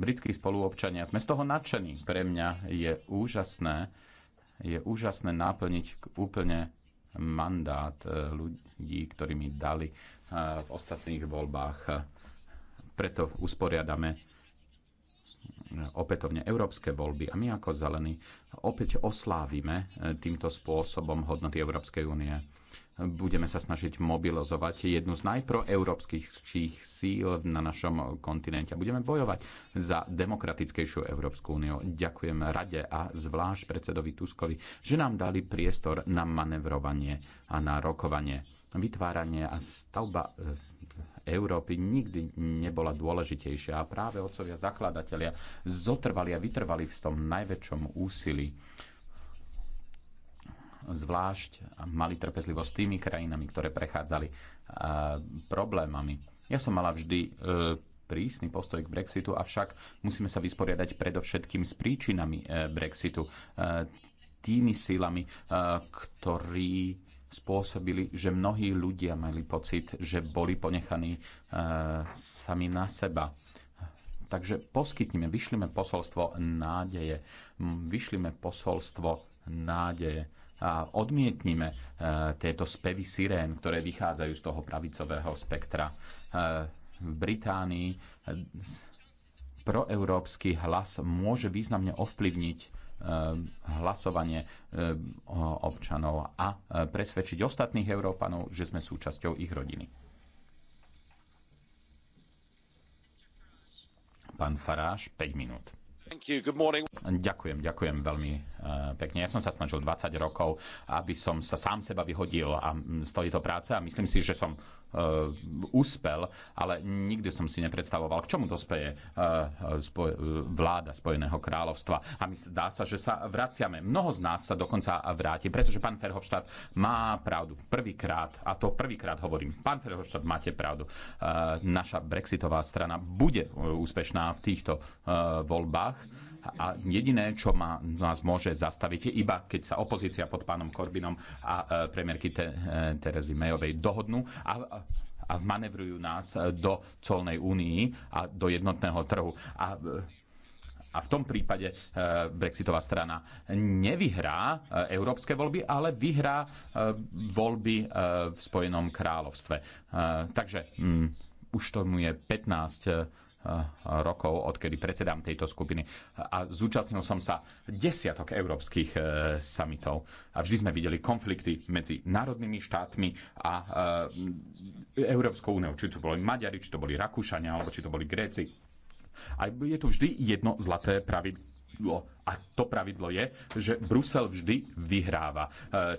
britskí spoluobčania sme z toho nadšení. Pre mňa je úžasné, je úžasné náplniť úplne mandát eh, ľudí, ktorí mi dali eh, v ostatných voľbách preto usporiadame opätovne európske voľby a my ako zelení opäť oslávime e, týmto spôsobom hodnoty Európskej únie. Budeme sa snažiť mobilizovať jednu z najproeurópskych síl na našom kontinente. Budeme bojovať za demokratickejšiu Európsku úniu. Ďakujem Rade a zvlášť predsedovi Tuskovi, že nám dali priestor na manevrovanie a na rokovanie vytváranie a stavba e, Európy nikdy nebola dôležitejšia a práve otcovia zakladatelia zotrvali a vytrvali v tom najväčšom úsilí zvlášť mali trpezlivosť s tými krajinami, ktoré prechádzali e, problémami. Ja som mala vždy e, prísny postoj k Brexitu, avšak musíme sa vysporiadať predovšetkým s príčinami e, Brexitu, tými sílami, ktorí spôsobili, že mnohí ľudia mali pocit, že boli ponechaní e, sami na seba. Takže poskytnime, vyšlime posolstvo nádeje, vyšlime posolstvo nádeje a odmietnime e, tieto spevy sirén, ktoré vychádzajú z toho pravicového spektra. E, v Británii e, proeurópsky hlas môže významne ovplyvniť Eh, hlasovanie eh, občanov a eh, presvedčiť ostatných Európanov, že sme súčasťou ich rodiny. Pán Faráš, 5 minút. Ďakujem, ďakujem veľmi eh, pekne. Ja som sa snažil 20 rokov, aby som sa sám seba vyhodil a stojí mm, to práce a myslím si, že som uh, úspel, ale nikdy som si nepredstavoval, k čomu dospeje uh, spoj- vláda Spojeného kráľovstva. A my zdá sa, že sa vraciame. Mnoho z nás sa dokonca vráti, pretože pán Ferhofštát má pravdu. Prvýkrát, a to prvýkrát hovorím, pán Ferhofštát, máte pravdu. Uh, naša brexitová strana bude úspešná v týchto uh, voľbách a jediné, čo má, nás môže zastaviť, je iba keď sa opozícia pod pánom Korbinom a e, premiérky Te, e, Terezy Mejovej dohodnú a, a manevrujú nás do colnej únii a do jednotného trhu. A a v tom prípade e, brexitová strana nevyhrá európske voľby, ale vyhrá voľby v Spojenom kráľovstve. Takže mm, už tomu je 15 Eh, rokov, odkedy predsedám tejto skupiny. A zúčastnil som sa desiatok európskych eh, samitov. A vždy sme videli konflikty medzi národnými štátmi a eh, Európskou úniou. Či to boli Maďari, či to boli Rakúšania, alebo či to boli Gréci. A je tu vždy jedno zlaté pravidlo A to pravidlo je, že Brusel vždy vyhráva.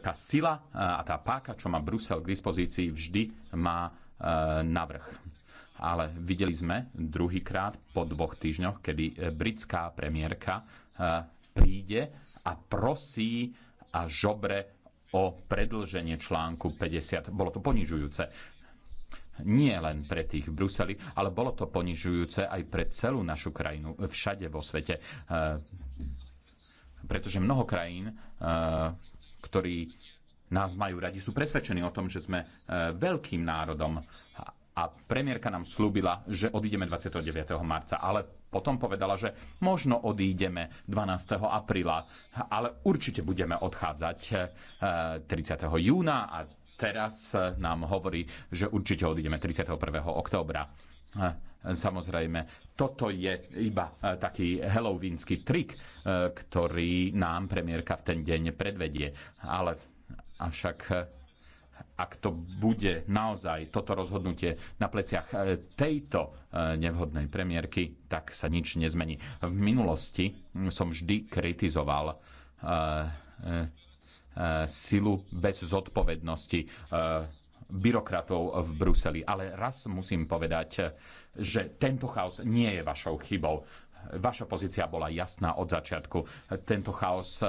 Tá sila a tá páka, čo má Brusel k dispozícii, vždy má navrh ale videli sme druhýkrát po dvoch týždňoch, kedy eh, britská premiérka eh, príde a prosí a žobre o predlženie článku 50. Bolo to ponižujúce nie len pre tých v Bruseli, ale bolo to ponižujúce aj pre celú našu krajinu, všade vo svete. Eh, pretože mnoho krajín, ktorí nás majú radi, sú presvedčení o tom, že sme veľkým národom a premiérka nám slúbila, že odídeme 29. marca, ale potom povedala, že možno odídeme 12. apríla, ale určite budeme odchádzať 30. Eh, júna a teraz eh, nám hovorí, že určite odídeme 31. októbra. Eh, samozrejme, toto je iba taký halloweenský trik, ktorý nám premiérka v ten deň predvedie. Ale avšak ak to bude naozaj toto rozhodnutie na pleciach e, tejto e, nevhodnej premiérky, tak sa nič nezmení. V minulosti mm, som vždy kritizoval e, silu bez zodpovednosti byrokratov v Bruseli. Ale raz musím povedať, že tento chaos nie je vašou chybou. Vaša pozícia bola jasná od začiatku. Tento chaos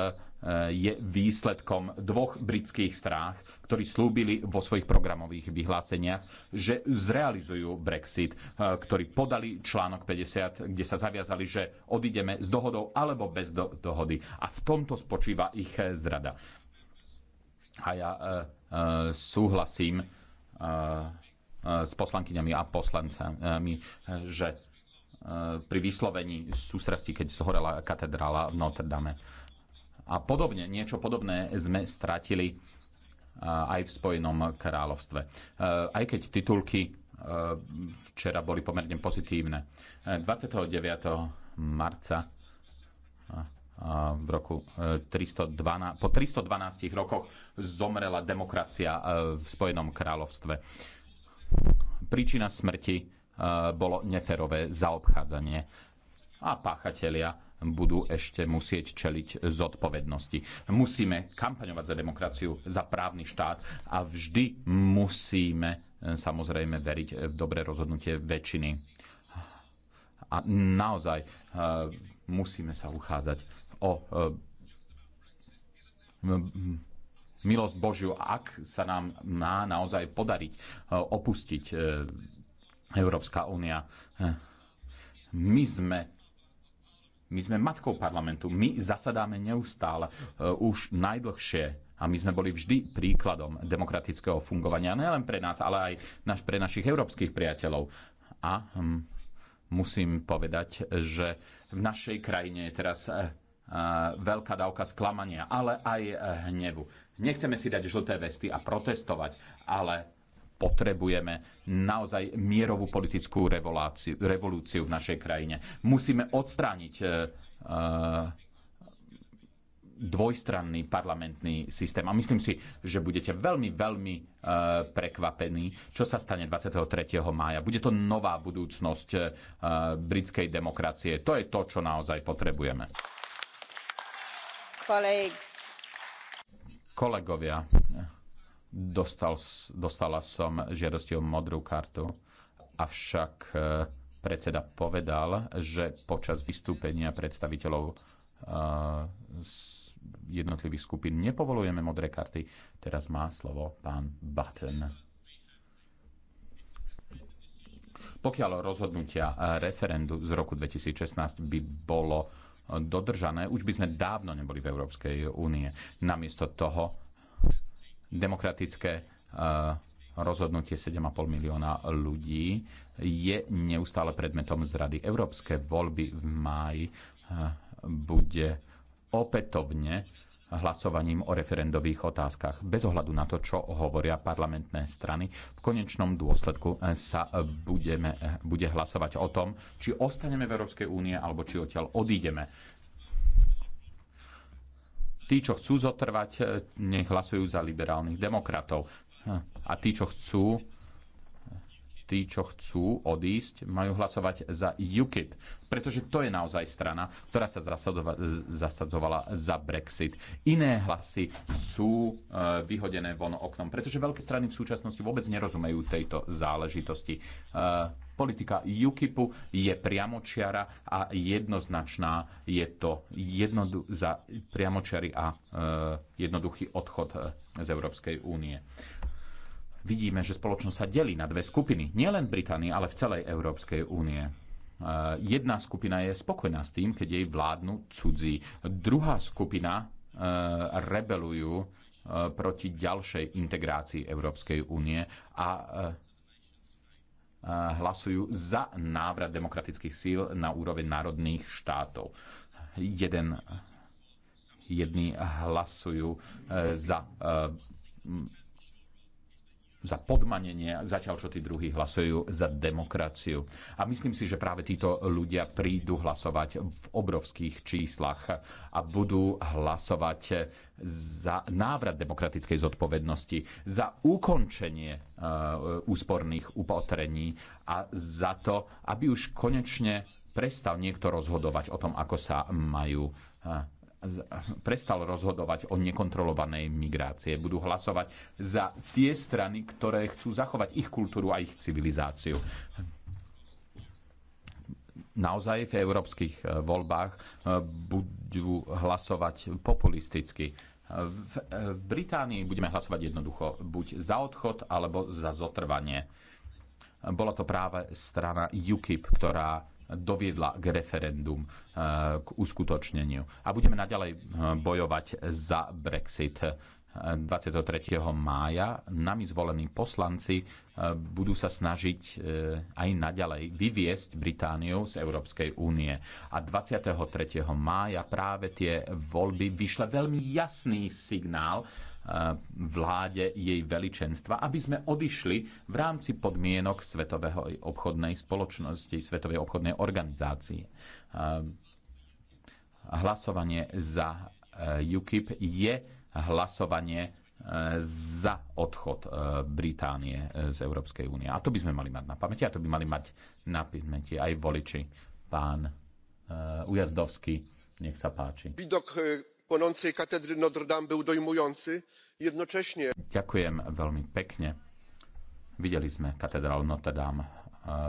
Eh, je výsledkom dvoch britských strách, ktorí slúbili vo svojich programových vyhláseniach, že zrealizujú Brexit, eh, ktorí podali článok 50, kde sa zaviazali, že odídeme s dohodou alebo bez do- dohody. A v tomto spočíva ich eh, zrada. A ja e, e, súhlasím e, e, s poslankyňami a poslancami, e, že e, pri vyslovení sústrasti, keď zhorela katedrála v Notre Dame a podobne, niečo podobné sme stratili aj v Spojenom kráľovstve. E, aj keď titulky e, včera boli pomerne pozitívne. 29. E, marca v roku 312, po 312 rokoch zomrela demokracia v Spojenom kráľovstve. Príčina smrti bolo neferové zaobchádzanie a páchatelia budú ešte musieť čeliť zodpovednosti. Musíme kampaňovať za demokraciu, za právny štát a vždy musíme e, samozrejme veriť v dobré rozhodnutie väčšiny. A naozaj e, musíme sa uchádzať o e, milosť Božiu, ak sa nám má naozaj podariť opustiť Európska únia. My sme my sme matkou parlamentu, my zasadáme neustále, eh, už najdlhšie a my sme boli vždy príkladom demokratického fungovania, nielen pre nás, ale aj naš, pre našich európskych priateľov. A hm, musím povedať, že v našej krajine je teraz eh, eh veľká dávka sklamania, ale aj eh, hnevu. Nechceme si dať žlté vesty a protestovať, ale potrebujeme naozaj mierovú politickú revolúciu v našej krajine. Musíme odstrániť e, e, dvojstranný parlamentný systém. A myslím si, že budete veľmi, veľmi e, prekvapení, čo sa stane 23. mája. Bude to nová budúcnosť britskej demokracie. To je to, čo naozaj potrebujeme. Kolegovia Dostal, dostala som žiadosti o modrú kartu, avšak e, predseda povedal, že počas vystúpenia predstaviteľov e, jednotlivých skupín nepovolujeme modré karty. Teraz má slovo pán Button. Pokiaľ rozhodnutia e, referendu z roku 2016 by bolo dodržané, už by sme dávno neboli v Európskej únie. Namiesto toho demokratické eh, rozhodnutie 7,5 milióna ľudí je neustále predmetom zrady. Európske voľby v máji eh, bude opätovne hlasovaním o referendových otázkach. Bez ohľadu na to, čo hovoria parlamentné strany, v konečnom dôsledku eh, sa budeme, bude hlasovať o tom, či ostaneme v Európskej únie alebo či odtiaľ odídeme Tí, čo chcú zotrvať, e, nech hlasujú za liberálnych demokratov. A tí, čo chcú tí, čo chcú odísť, majú hlasovať za UKIP. Pretože to je naozaj strana, ktorá sa zasadzovala za Brexit. Iné hlasy sú e, vyhodené von oknom, pretože veľké strany v súčasnosti vôbec nerozumejú tejto záležitosti. E, Politika UKIPu je priamočiara a jednoznačná. Je to jednodu- za priamočiary a e, jednoduchý odchod e, z Európskej únie. Vidíme, že spoločnosť sa delí na dve skupiny, nielen v Británii, ale v celej Európskej únie. E, jedna skupina je spokojná s tým, keď jej vládnu cudzí. Druhá skupina e, rebelujú e, proti ďalšej integrácii Európskej únie a e, hlasujú za návrat demokratických síl na úroveň národných štátov. Jeden, jedni hlasujú e, za e, za podmanenie, zatiaľ čo tí druhí hlasujú za demokraciu. A myslím si, že práve títo ľudia prídu hlasovať v obrovských číslach a budú hlasovať za návrat demokratickej zodpovednosti, za ukončenie e, úsporných upotrení a za to, aby už konečne prestal niekto rozhodovať o tom, ako sa majú e, prestal rozhodovať o nekontrolovanej migrácie. Budú hlasovať za tie strany, ktoré chcú zachovať ich kultúru a ich civilizáciu. Naozaj v európskych e, voľbách e, budú hlasovať populisticky. E, v Británii budeme hlasovať jednoducho buď za odchod alebo za zotrvanie. Bola to práve strana UKIP, ktorá doviedla k referendum, eh, k uskutočneniu. A budeme naďalej eh, bojovať za Brexit. 23. Eh, mája nami zvolení poslanci budú sa snažiť aj naďalej vyviesť Britániu z Európskej únie. A 23. mája práve tie voľby vyšle veľmi jasný signál, vláde jej veličenstva, aby sme odišli v rámci podmienok Svetovej obchodnej spoločnosti, Svetovej obchodnej organizácie. Hlasovanie za e, UKIP je hlasovanie e, za odchod e, Británie z Európskej únie. A to by sme mali mať na pamäti, a to by mali mať na pamäti aj voliči. Pán Ujazdovský, nech sa páči płonącej katedry Notre Dame był dojmujący, jednocześnie... Ďakujem veľmi pekne. Videli sme katedrálu Notre Dame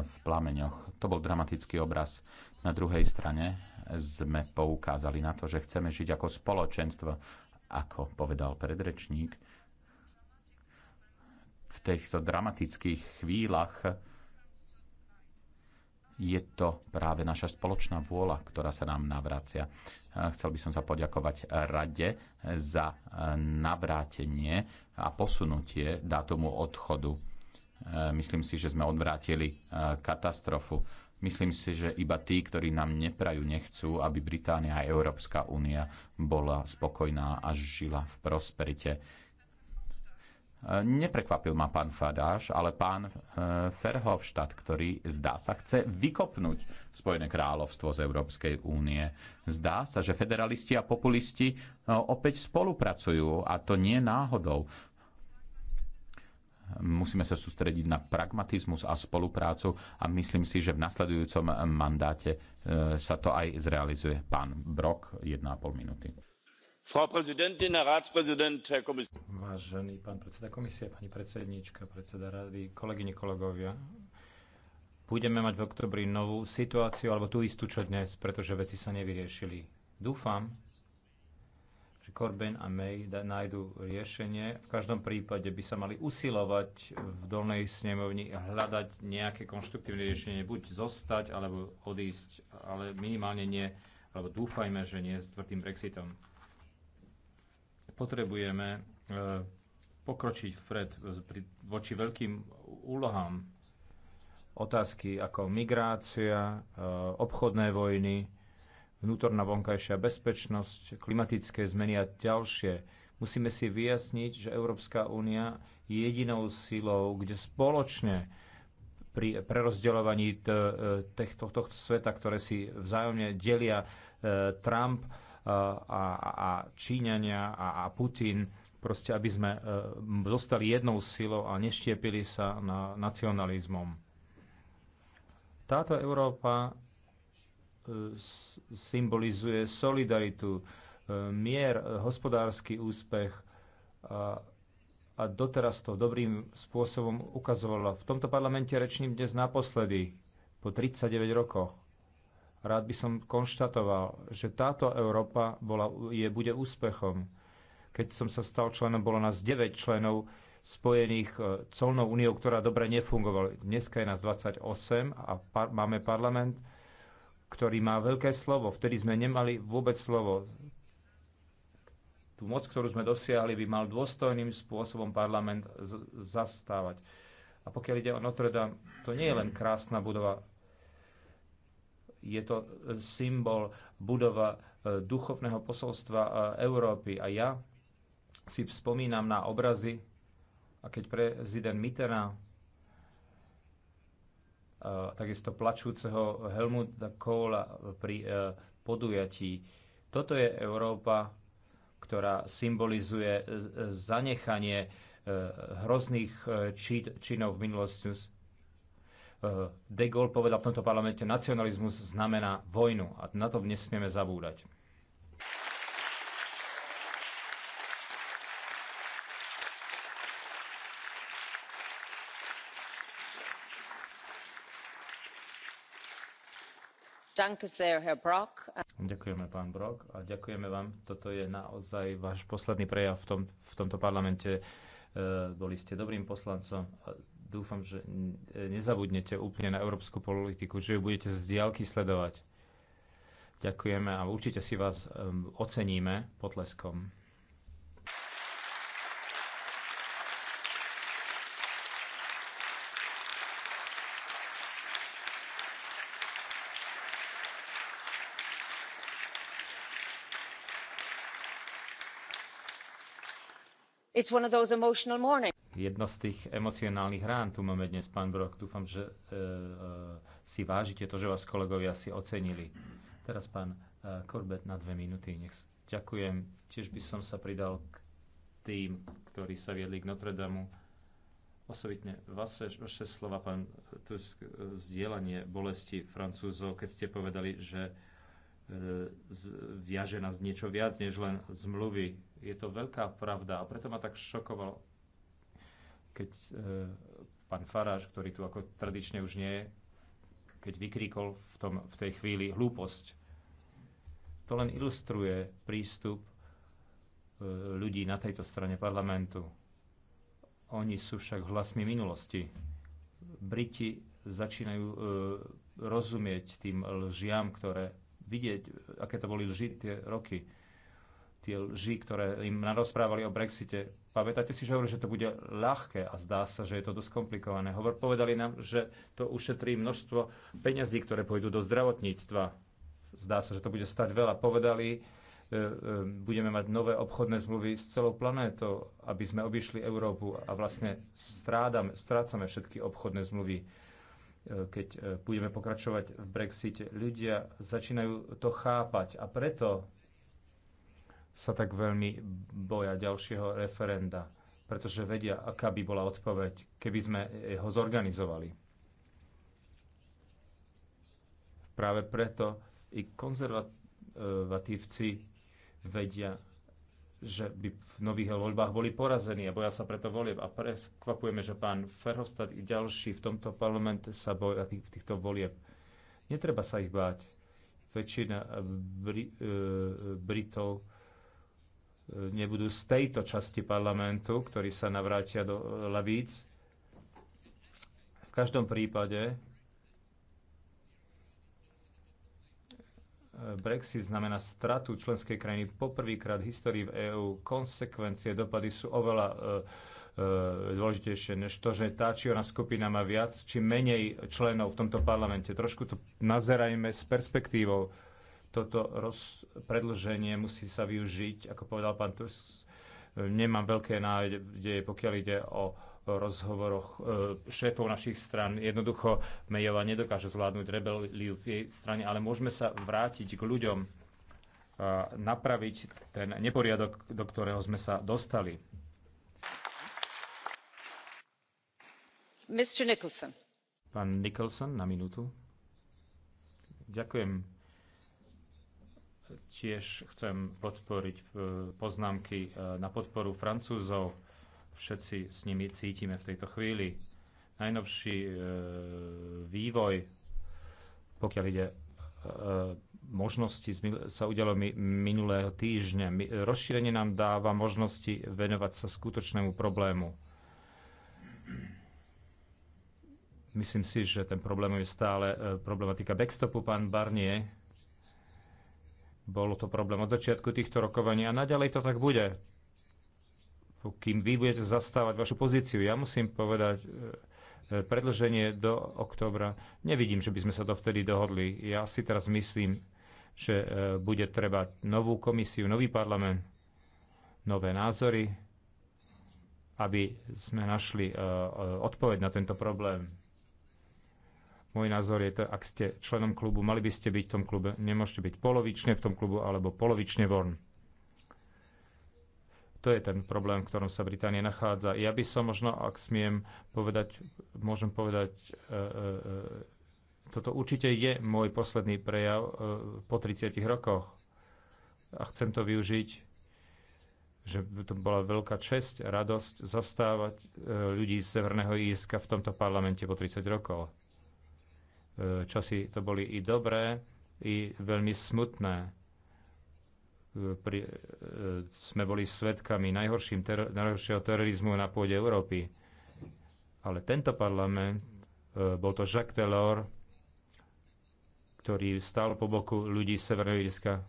v e, plameňoch. To bol dramatický obraz. Na druhej strane sme poukázali na to, že chceme žiť ako spoločenstvo, ako povedal predrečník. V týchto dramatických chvíľach je to práve naša spoločná vôľa, ktorá sa nám navracia. Chcel by som sa poďakovať rade za e, navrátenie a posunutie dátumu odchodu. E, myslím si, že sme odvrátili e, katastrofu. Myslím si, že iba tí, ktorí nám neprajú, nechcú, aby Británia a Európska únia bola spokojná a žila v prosperite Neprekvapil ma pán Fadáš, ale pán e, Ferhovštát, ktorý zdá sa chce vykopnúť Spojené kráľovstvo z Európskej únie. Zdá sa, že federalisti a populisti e, opäť spolupracujú a to nie náhodou. Musíme sa sústrediť na pragmatizmus a spoluprácu a myslím si, že v nasledujúcom mandáte e, sa to aj zrealizuje. Pán Brok, 1,5 minúty. Vážený pán predseda komisie, pani predsedníčka, predseda rady, kolegyne, kolegovia, budeme mať v oktobri novú situáciu, alebo tú istú, čo dnes, pretože veci sa nevyriešili. Dúfam, že Corbyn a May nájdu riešenie. V každom prípade by sa mali usilovať v dolnej snemovni hľadať nejaké konštruktívne riešenie, buď zostať, alebo odísť, ale minimálne nie, alebo dúfajme, že nie s tvrdým Brexitom potrebujeme e, pokročiť vpred voči veľkým úlohám. Otázky ako migrácia, e, obchodné vojny, vnútorná vonkajšia bezpečnosť, klimatické zmeny a ďalšie. Musíme si vyjasniť, že Európska únia je jedinou silou, kde spoločne pri prerozdeľovaní e, tohto sveta, ktoré si vzájomne delia Trump, a, a Číňania a, a Putin, proste aby sme e, zostali jednou silou a neštiepili sa na nacionalizmom. Táto Európa e, symbolizuje solidaritu, e, mier, hospodársky úspech a, a doteraz to dobrým spôsobom ukazovala. V tomto parlamente rečním dnes naposledy, po 39 rokoch. Rád by som konštatoval, že táto Európa bola, je, bude úspechom. Keď som sa stal členom, bolo nás 9 členov spojených e, colnou úniou, ktorá dobre nefungovala. Dneska je nás 28 a par- máme parlament, ktorý má veľké slovo. Vtedy sme nemali vôbec slovo. Tú moc, ktorú sme dosiahli, by mal dôstojným spôsobom parlament zastávať. A pokiaľ ide o Notre Dame, to nie je len krásna budova, je to e, symbol budova e, duchovného posolstva e, Európy. A ja si spomínam na obrazy, a keď prezident Mitterrand takisto plačúceho Helmuta Kohla pri podujatí. Toto je Európa, ktorá symbolizuje zanechanie hrozných činov v minulosti. E, de Gaulle povedal v tomto parlamente, nacionalizmus znamená vojnu a na to nesmieme zabúdať. Ďakujeme, pán Brock, a ďakujeme vám. Toto je naozaj váš posledný prejav v, tom, v tomto parlamente. E, boli ste dobrým poslancom dúfam, že nezabudnete úplne na európsku politiku, že ju budete z diálky sledovať. Ďakujeme a určite si vás oceníme potleskom. it's one of those emotional mornings jedno z tých emocionálnych rán tu máme dnes, pán Brok. Dúfam, že e, e, si vážite to, že vás kolegovia si ocenili. Teraz pán e, Korbet na dve minúty. Nech ďakujem. Tiež by som sa pridal k tým, ktorí sa viedli k Notre Dame. Osobitne vaše, vaše slova, pán Tusk, e, zdieľanie bolesti Francúzov, keď ste povedali, že e, viaže nás niečo viac než len zmluvy. Je to veľká pravda a preto ma tak šokovalo keď e, pán Faráš, ktorý tu ako tradične už nie je, keď vykríkol v, tom, v tej chvíli hlúposť. To len ilustruje prístup e, ľudí na tejto strane parlamentu. Oni sú však hlasmi minulosti. Briti začínajú e, rozumieť tým lžiam, ktoré vidieť, aké to boli lži tie roky. Tie lži, ktoré im narozprávali o Brexite, Pamätáte si, že hovorili, že to bude ľahké a zdá sa, že je to dosť komplikované. Hovor, povedali nám, že to ušetrí množstvo peňazí, ktoré pôjdu do zdravotníctva. Zdá sa, že to bude stať veľa. Povedali, e, e, budeme mať nové obchodné zmluvy s celou planétou, aby sme obišli Európu a vlastne strádame, strácame všetky obchodné zmluvy. E, keď budeme pokračovať v Brexite, ľudia začínajú to chápať a preto sa tak veľmi boja ďalšieho referenda, pretože vedia, aká by bola odpoveď, keby sme ho zorganizovali. Práve preto i konzervatívci vedia, že by v nových voľbách boli porazení a boja sa preto volieb. A prekvapujeme, že pán Ferhofstadt i ďalší v tomto parlamente sa boja tých, týchto volieb. Netreba sa ich báť. Väčšina Bri- e, Britov nebudú z tejto časti parlamentu, ktorí sa navrátia do lavíc. V každom prípade Brexit znamená stratu členskej krajiny poprvýkrát v histórii v EÚ. Konsekvencie, dopady sú oveľa e, e, dôležitejšie než to, že tá či ona skupina má viac či menej členov v tomto parlamente. Trošku to nazerajme s perspektívou toto roz, predlženie musí sa využiť, ako povedal pán Tusk, nemám veľké nádeje, pokiaľ ide o rozhovoroch e, šéfov našich stran. Jednoducho Mejova nedokáže zvládnuť rebeliu v jej strane, ale môžeme sa vrátiť k ľuďom, a napraviť ten neporiadok, do ktorého sme sa dostali. Mr. Nicholson. Pán Nicholson, na minútu. Ďakujem Tiež chcem podporiť e, poznámky e, na podporu Francúzov. Všetci s nimi cítime v tejto chvíli. Najnovší e, vývoj, pokiaľ ide možnosti sa udialo minulého týždňa. Rozšírenie nám dáva možnosti venovať sa skutočnému problému. Myslím si, že ten problém je stále problematika backstopu, pán Barnier. Bolo to problém od začiatku týchto rokovaní a naďalej to tak bude. Kým vy budete zastávať vašu pozíciu, ja musím povedať, e, e, predlženie do októbra, nevidím, že by sme sa dovtedy dohodli. Ja si teraz myslím, že e, bude treba novú komisiu, nový parlament, nové názory, aby sme našli odpoveď na tento problém. Môj názor je to, ak ste členom klubu, mali by ste byť v tom klube. Nemôžete byť polovične v tom klubu alebo polovične von. To je ten problém, v ktorom sa Británia nachádza. Ja by som možno, ak smiem povedať, môžem povedať, e, e, e toto určite je môj posledný prejav e, po 30 rokoch. A chcem to využiť, že by to bola veľká česť, radosť zastávať e, ľudí z Severného Írska v tomto parlamente po 30 rokov. E, časy to boli i dobré, i veľmi smutné. E, pri, e, sme boli svetkami najhorším ter- najhoršieho terorizmu na pôde Európy. Ale tento parlament, bol to Jacques Delors, ktorý stál po boku ľudí Severného Írska,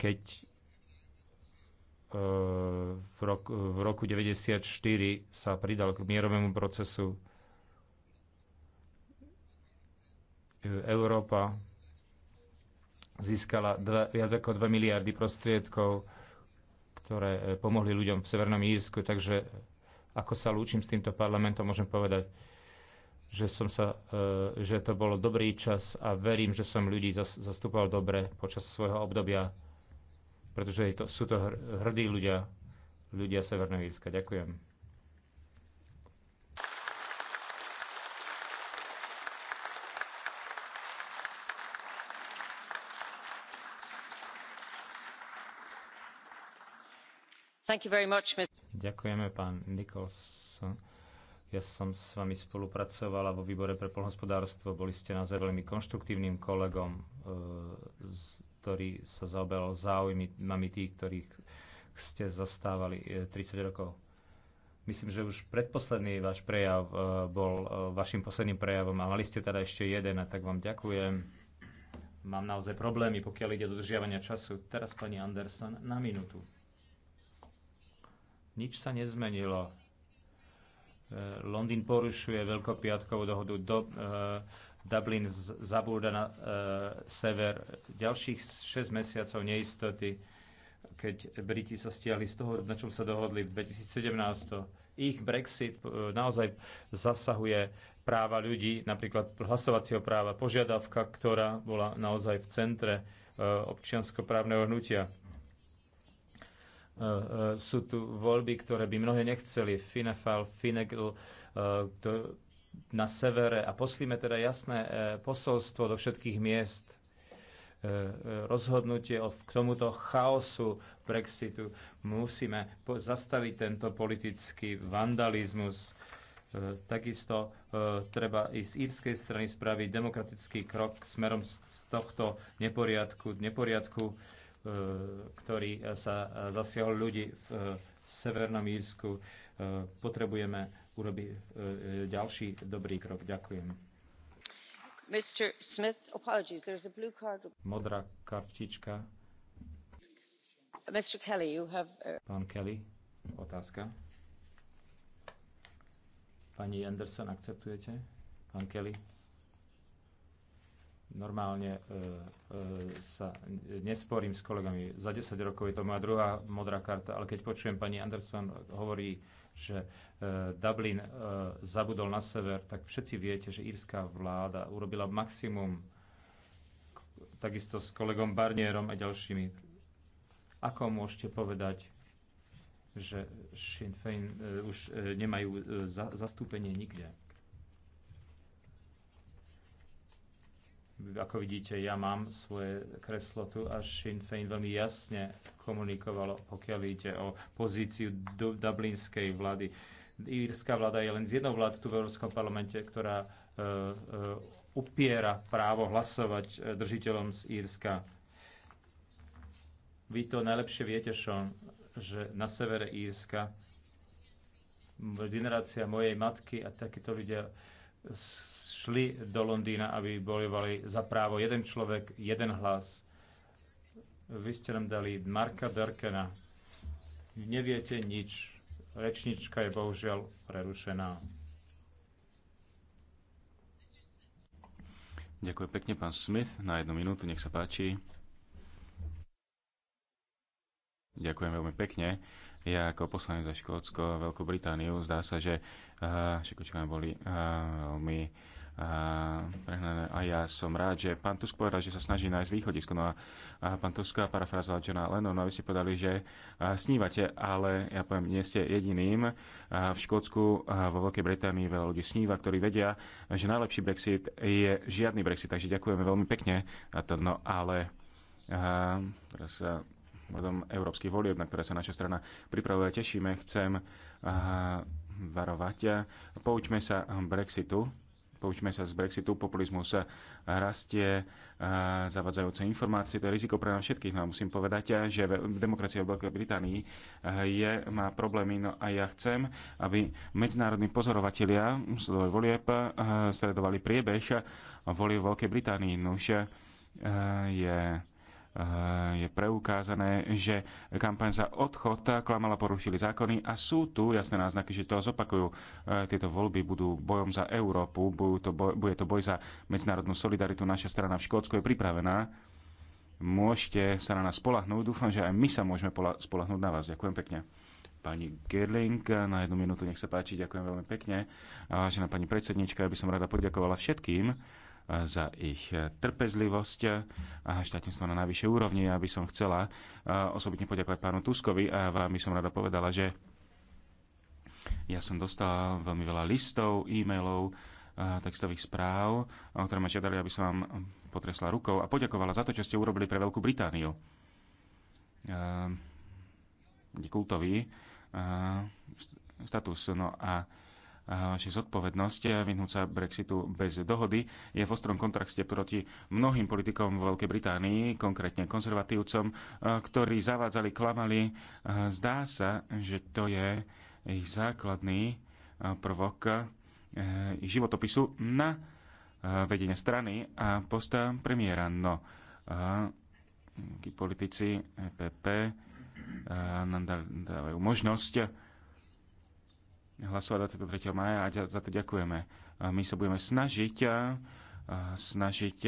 keď v roku, v roku 94 sa pridal k mierovému procesu Európa získala dva, viac ako 2 miliardy prostriedkov, ktoré e, pomohli ľuďom v Severnom Írsku. Takže e, ako sa lúčim s týmto parlamentom, môžem povedať, že, som sa, e, že to bolo dobrý čas a verím, že som ľudí zastupoval dobre počas svojho obdobia, pretože to, sú to hrdí ľudia, ľudia Severného Írska. Ďakujem. Ďakujeme, pán Nicholson. Ja som s vami spolupracovala vo výbore pre polnohospodárstvo. Boli ste naozaj veľmi konštruktívnym kolegom, eh, ktorý sa zaoberal záujmami tých, ktorých ste zastávali 30 eh, rokov. Myslím, že už predposledný váš prejav eh, bol vašim posledným prejavom a mali ste teda ešte jeden, a tak vám ďakujem. Mám naozaj problémy, pokiaľ ide do dodržiavania času. Teraz pani Anderson na minútu. Nič sa nezmenilo. E, Londýn porušuje veľkopiatkovú dohodu, do, e, Dublin z, zabúda na e, sever. Ďalších 6 mesiacov neistoty, keď Briti sa stiahli z toho, na čom sa dohodli v 2017. Ich Brexit naozaj zasahuje práva ľudí, napríklad hlasovacieho práva, požiadavka, ktorá bola naozaj v centre občianskoprávneho hnutia Eh, eh, sú tu voľby, ktoré by mnohé nechceli. Finefal, Finegl eh, na severe. A poslíme teda jasné posolstvo do všetkých miest rozhodnutie k tomuto chaosu Brexitu. Musíme zastaviť tento politický vandalizmus. Takisto treba i z írskej strany spraviť demokratický krok smerom z tohto neporiadku, neporiadku E, ktorý sa zasiahol ľudí v e, Severnom Írsku. E, potrebujeme urobiť ďalší dobrý krok. Ďakujem. Smith, card... modrá kartička Kelly, have... Uh, pán kelly otázka pani anderson akceptujete pán kelly Normálne e, e, sa nesporím s kolegami. Za 10 rokov je to moja druhá modrá karta, ale keď počujem pani Anderson hovorí, že e, Dublin zabudol na sever, tak všetci viete, že írska vláda urobila maximum takisto s kolegom Barnierom a ďalšími. Ako môžete povedať, že Sinn Féin už nemajú zastúpenie nikde. Ako vidíte, ja mám svoje kreslo tu a Sinn Féin veľmi jasne komunikovalo, pokiaľ ide o pozíciu dublinskej vlády. Írska vláda je len z jednou vlád tu v Európskom parlamente, ktorá e, e, upiera právo hlasovať e, držiteľom z Írska. Vy to najlepšie viete, Sean, že na severe Írska generácia mojej matky a takíto ľudia šli do Londýna, aby bojovali za právo jeden človek, jeden hlas. Vy ste nám dali Marka Darkena. Neviete nič. Rečnička je bohužiaľ prerušená. Ďakujem pekne, pán Smith. Na jednu minútu, nech sa páči. Ďakujem veľmi pekne. Ja ako poslanec za Škótsko a Veľkú Britániu zdá sa, že uh, boli uh, veľmi prehnané. A ja som rád, že pán Tusk povedal, že sa snaží nájsť východisko. No a, a pán Tusk parafrázoval Johna Lennona, no vy ste povedali, že snívate, ale ja poviem, nie ste jediným. A v Škótsku, a vo Veľkej Británii veľa ľudí sníva, ktorí vedia, že najlepší Brexit je žiadny Brexit. Takže ďakujeme veľmi pekne. A to, no ale a, teraz a, vodom európskych volieb, na ktoré sa naša strana pripravuje, tešíme. Chcem a, varovať. Poučme sa Brexitu poučme sa z Brexitu, populizmus rastie, zavadzajúce informácie, to je riziko pre nás všetkých. No a musím povedať, že demokracia v Veľkej Británii je, má problémy, no a ja chcem, aby medzinárodní pozorovatelia sledovali volieb, sledovali priebeh volieb v Veľkej Británii. už je Eh, je preukázané, že kampaň za odchod klamala, porušili zákony a sú tu jasné náznaky, že to zopakujú. Eh, tieto voľby budú bojom za Európu, bude to boj, bude to boj za medzinárodnú solidaritu. Naša strana v Škótsku je pripravená. Môžete sa na nás spolahnúť. Dúfam, že aj my sa môžeme spolahnúť na vás. Ďakujem pekne pani Gerling. Eh, na jednu minútu nech sa páči, ďakujem veľmi pekne. A vážená pani predsednička, ja by som rada poďakovala všetkým, za ich eh, trpezlivosť a štátnictvo na najvyššej úrovni. Ja by som chcela eh, osobitne poďakovať pánu Tuskovi a vám by som rada povedala, že ja som dostal veľmi veľa listov, e-mailov, eh, textových správ, ktoré ma žiadali, aby som vám potresla rukou a poďakovala za to, čo ste urobili pre Veľkú Britániu. Kultový status. No a že zodpovednosť eh, vyhnúť sa Brexitu bez dohody je v ostrom kontrakste proti mnohým politikom v Veľkej Británii, konkrétne konzervatívcom, eh, ktorí zavádzali, klamali. Eh, zdá sa, že to je ich základný prvok životopisu na vedenie strany a posta premiéra. No, politici EPP nám dávajú možnosť hlasovať 23. maja a za to ďakujeme. My sa budeme snažiť, snažiť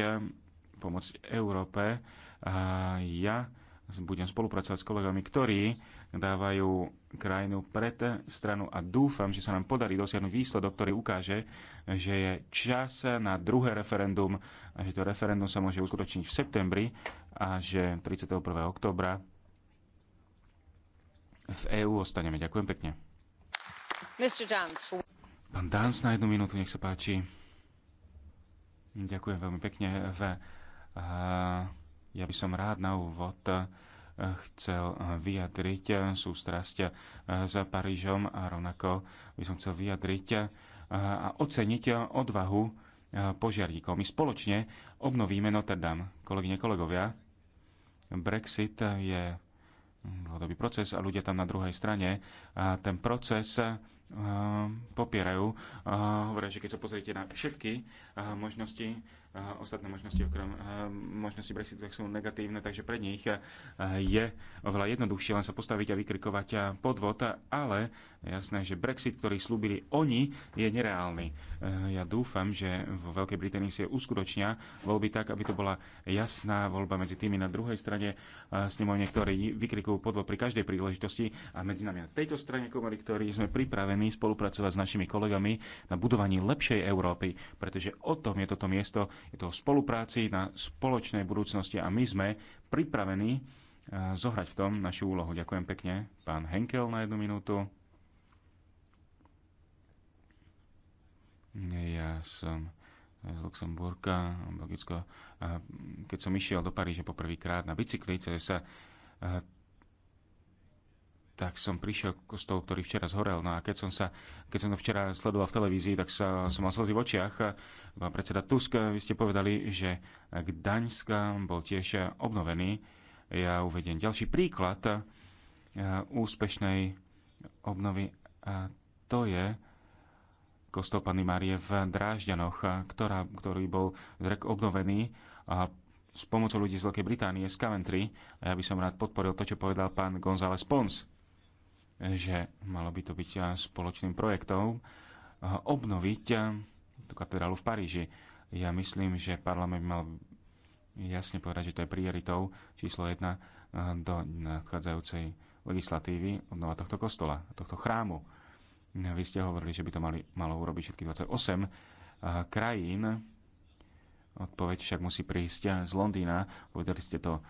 pomôcť Európe. Ja budem spolupracovať s kolegami, ktorí dávajú krajinu pred stranu a dúfam, že sa nám podarí dosiahnuť výsledok, ktorý ukáže, že je čas na druhé referendum a že to referendum sa môže uskutočniť v septembri a že 31. oktobra v EÚ ostaneme. Ďakujem pekne. Pán na jednu minútu, nech sa páči. Ďakujem veľmi pekne. ja by som rád na úvod e, chcel vyjadriť e, sústrasť e, za Parížom a rovnako by som chcel vyjadriť a oceniť odvahu požiarníkov. My spoločne obnovíme Notre Dame. Kolegyne, kolegovia, Brexit je dlhodobý proces a ľudia tam na druhej strane. A ten proces Ehm, popierajú. Ehm, hovoria, že keď sa pozriete na všetky ehm, možnosti, ostatné možnosti okrem možnosti Brexitu sú negatívne, takže pre nich je oveľa jednoduchšie len sa postaviť a vykrikovať podvod, ale jasné, že Brexit, ktorý slúbili oni, je nereálny. Ja dúfam, že vo Veľkej Británii si uskutočnia voľby tak, aby to bola jasná voľba medzi tými na druhej strane s nimi niektorí vykrikujú podvod pri každej príležitosti a medzi nami na tejto strane komory, ktorí sme pripravení spolupracovať s našimi kolegami na budovaní lepšej Európy, pretože o tom je toto miesto, je to o spolupráci na spoločnej budúcnosti a my sme pripravení eh, zohrať v tom našu úlohu. Ďakujem pekne. Pán Henkel na jednu minútu. Ja som z Luxemburka, Belgicko. Keď som išiel do Paríže poprvýkrát na bicykli cez eh, tak som prišiel k kostolu, ktorý včera zhorel. No a keď som, sa, keď som to včera sledoval v televízii, tak sa, som mal slzy v očiach. Pán predseda Tusk, vy ste povedali, že Gdaňsk bol tiež obnovený. Ja uvediem ďalší príklad eh, úspešnej obnovy. A to je kostol Pany Márie v Drážďanoch, ktorá, ktorý bol obnovený a s pomocou ľudí z Veľkej Británie, z Coventry. A ja by som rád podporil to, čo povedal pán González Pons že malo by to byť eh, spoločným projektom eh, obnoviť eh, tú katedrálu v Paríži. Ja myslím, že parlament mal jasne povedať, že to je prioritou číslo 1 do nadchádzajúcej legislatívy obnova tohto kostola, tohto chrámu. Vy ste hovorili, že by to mali, malo urobiť všetkých 28 krajín. Odpoveď však musí prísť z Londýna. Povedali ste to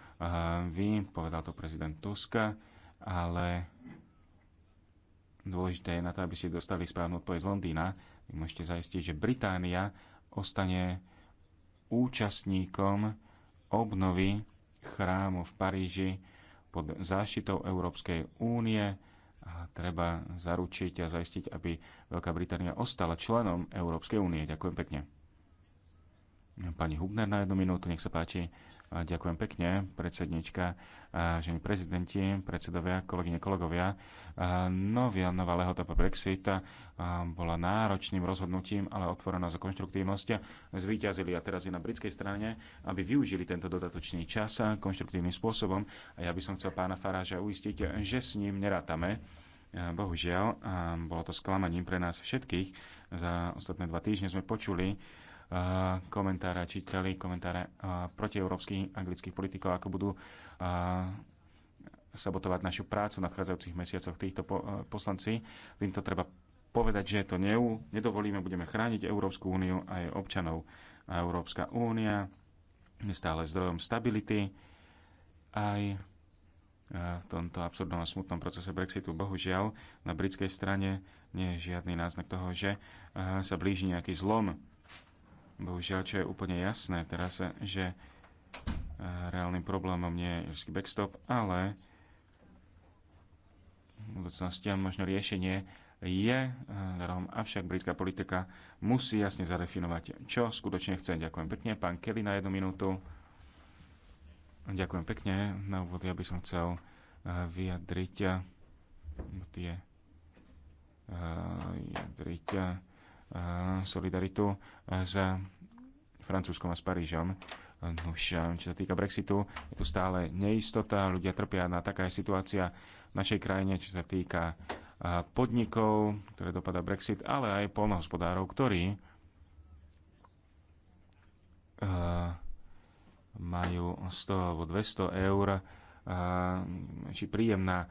vy, povedal to prezident Tuska, ale Dôležité je na to, aby ste dostali správnu odpoveď z Londýna. Vy môžete zaistiť, že Británia ostane účastníkom obnovy chrámu v Paríži pod záštitou Európskej únie a treba zaručiť a zaistiť, aby Veľká Británia ostala členom Európskej únie. Ďakujem pekne. Pani Hubner na jednu minútu, nech sa páči. Ďakujem pekne, predsednička, ženy prezidenti, predsedovia, kolegyne, kolegovia. Novia, nová lehota po Brexit bola náročným rozhodnutím, ale otvorená za konštruktívnosť. Zvíťazili a teraz je na britskej strane, aby využili tento dodatočný čas konštruktívnym spôsobom. A ja by som chcel pána Faráža uistiť, že s ním nerátame. Bohužiaľ, bolo to sklamaním pre nás všetkých. Za ostatné dva týždne sme počuli komentáre, čítali komentáre protieurópskych anglických politikov, ako budú sabotovať našu prácu v nadchádzajúcich mesiacoch týchto poslanci. Týmto treba povedať, že to neú, nedovolíme, budeme chrániť Európsku úniu a jej občanov. A Európska únia je stále zdrojom stability aj v tomto absurdnom a smutnom procese Brexitu. Bohužiaľ, na britskej strane nie je žiadny náznak toho, že sa blíži nejaký zlom Bohužiaľ, čo je úplne jasné teraz, že eh, reálnym problémom nie je irský backstop, ale v budúcnosti možno riešenie je eh, avšak britská politika musí jasne zadefinovať, čo skutočne chce. Ďakujem pekne, pán Kelly na jednu minútu. Ďakujem pekne. Na úvod ja by som chcel eh, vyjadriť tie vyjadriť solidaritu e, s Francúzskom a s Parížom. E, už, e, čo sa týka Brexitu, je tu stále neistota, ľudia trpia na taká je situácia v našej krajine, čo sa týka podnikov, ktoré dopadá Brexit, ale aj polnohospodárov, ktorí majú 100 alebo 200 eur či príjemná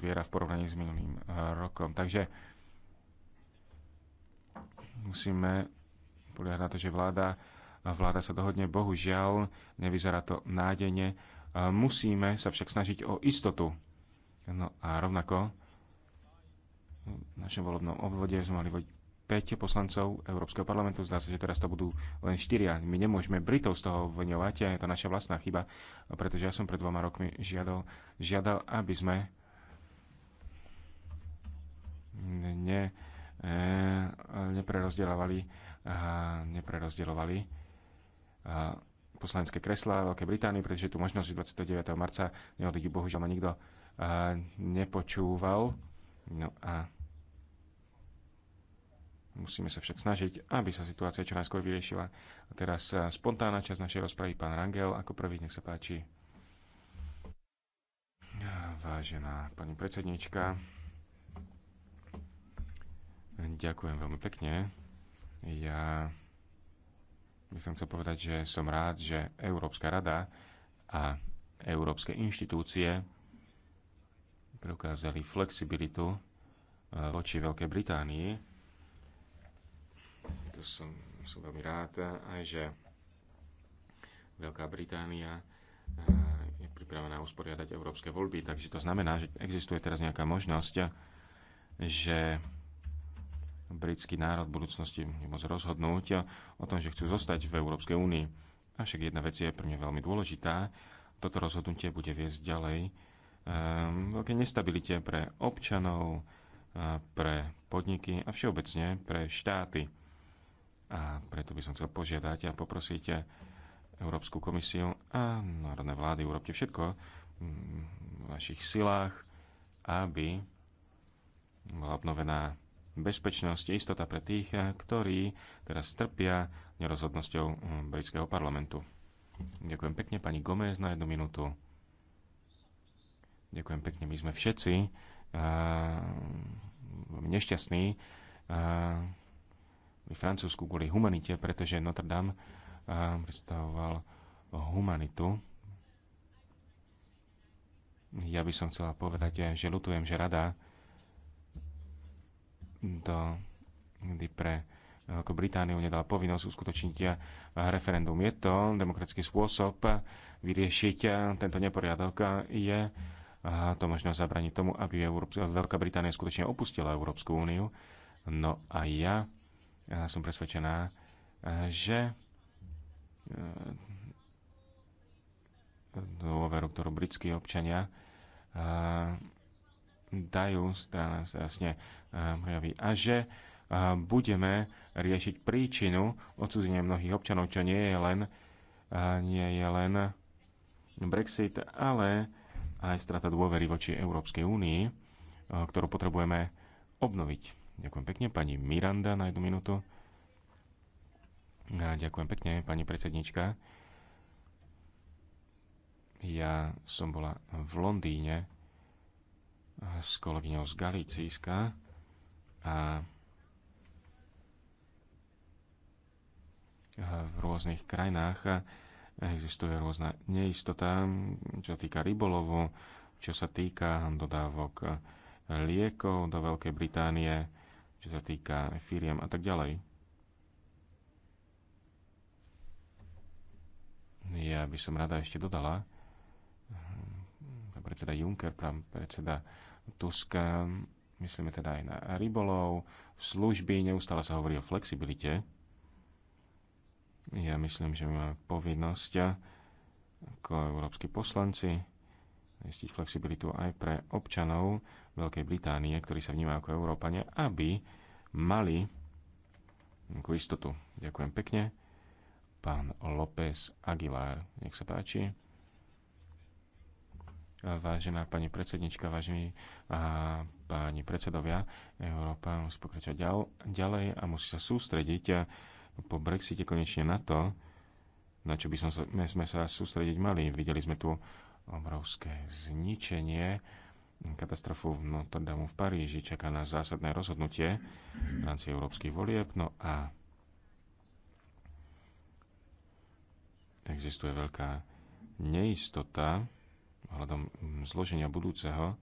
zviera v porovnaní s minulým rokom. Takže musíme poliehať na to, že vláda, vláda sa dohodne. Bohužiaľ, nevyzerá to nádejne. Musíme sa však snažiť o istotu. No a rovnako v našom volebnom obvode sme mali 5 poslancov Európskeho parlamentu. Zdá sa, že teraz to budú len 4. My nemôžeme Britov z toho obvňovať. je to naša vlastná chyba, pretože ja som pred dvoma rokmi žiadal, žiadal aby sme ne, neprerozdielovali, neprerozdielovali e, e, poslanecké kreslá Veľkej Británii, pretože tú možnosť 29. marca neodídu, bohužiaľ ma nikto e, nepočúval. No a musíme sa však snažiť, aby sa situácia čo najskôr vyriešila. A teraz spontánna časť našej rozpravy, pán Rangel, ako prvý, nech sa páči. Vážená pani predsedníčka, Ďakujem veľmi pekne. Ja by som chcel povedať, že som rád, že Európska rada a európske inštitúcie preukázali flexibilitu eh, voči Veľkej Británii. To som, som veľmi rád aj, že Veľká Británia eh, je pripravená usporiadať európske voľby, takže to znamená, že existuje teraz nejaká možnosť, že britský národ v budúcnosti môcť rozhodnúť o tom, že chcú zostať v Európskej únii. Avšak jedna vec je pre mňa veľmi dôležitá. Toto rozhodnutie bude viesť ďalej ehm, veľké nestabilite pre občanov, e, pre podniky a všeobecne pre štáty. A preto by som chcel požiadať a poprosiť Európsku komisiu a národné vlády, urobte všetko v vašich silách, aby bola obnovená bezpečnosť, istota pre tých, eh, ktorí teraz trpia nerozhodnosťou mm, britského parlamentu. Ďakujem pekne pani Gomez na jednu minútu. Ďakujem pekne, my sme všetci uh, nešťastní uh, eh, v Francúzsku kvôli humanite, pretože Notre Dame uh, predstavoval humanitu. Ja by som chcela povedať, že ľutujem, že rada do, kdy pre Veľkú eh, Britániu nedala povinnosť uskutočniť eh, referendum. Je to demokratický spôsob eh, vyriešiť tento neporiadok. Je to možno zabraniť tomu, aby Európs- Veľká Británia skutočne opustila Európsku úniu. No a ja, ja som presvedčená, že dôveru, ktorú britskí občania dajú strana jasne prejaví eh, a že eh, budeme riešiť príčinu odsúdenia mnohých občanov, čo nie je len, eh, nie je len Brexit, ale aj strata dôvery voči Európskej únii, ktorú potrebujeme obnoviť. Ďakujem pekne, pani Miranda, na jednu minútu. A ďakujem pekne, pani predsednička. Ja som bola v Londýne s kolegyňou z Galicíska a v rôznych krajinách existuje rôzna neistota, čo sa týka rybolovu, čo sa týka dodávok liekov do Veľkej Británie, čo sa týka firiem a tak ďalej. Ja by som rada ešte dodala, predseda Juncker, predseda Tusk, myslíme teda aj na rybolov, služby, neustále sa hovorí o flexibilite. Ja myslím, že máme povinnosť ako európsky poslanci zistiť flexibilitu aj pre občanov Veľkej Británie, ktorí sa vnímajú ako Európania, aby mali nejakú istotu. Ďakujem pekne. Pán López Aguilar, nech sa páči. Vážená pani predsednička, vážení a páni predsedovia, Európa musí pokračovať ďal, ďalej a musí sa sústrediť a po Brexite konečne na to, na čo by som sa, my sme sa sústrediť mali. Videli sme tu obrovské zničenie, katastrofu v Notre Dame v Paríži. Čaká na zásadné rozhodnutie v rámci európskych volieb. No a existuje veľká neistota, hľadom mm, zloženia budúceho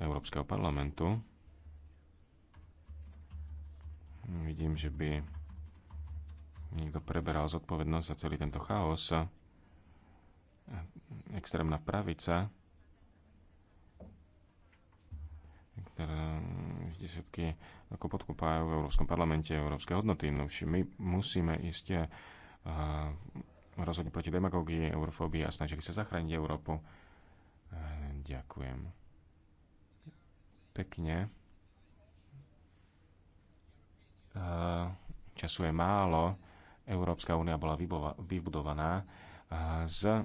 Európskeho parlamentu. Vidím, že by niekto preberal zodpovednosť za celý tento chaos. Extrémna pravica, ktorá desiatky ako podkupajú v Európskom parlamente európske hodnoty. No my musíme ísť eh, rozhodne proti demagógii, eurofóbii a snažili sa zachrániť Európu Ďakujem. Pekne. Času je málo. Európska únia bola vybudovaná z,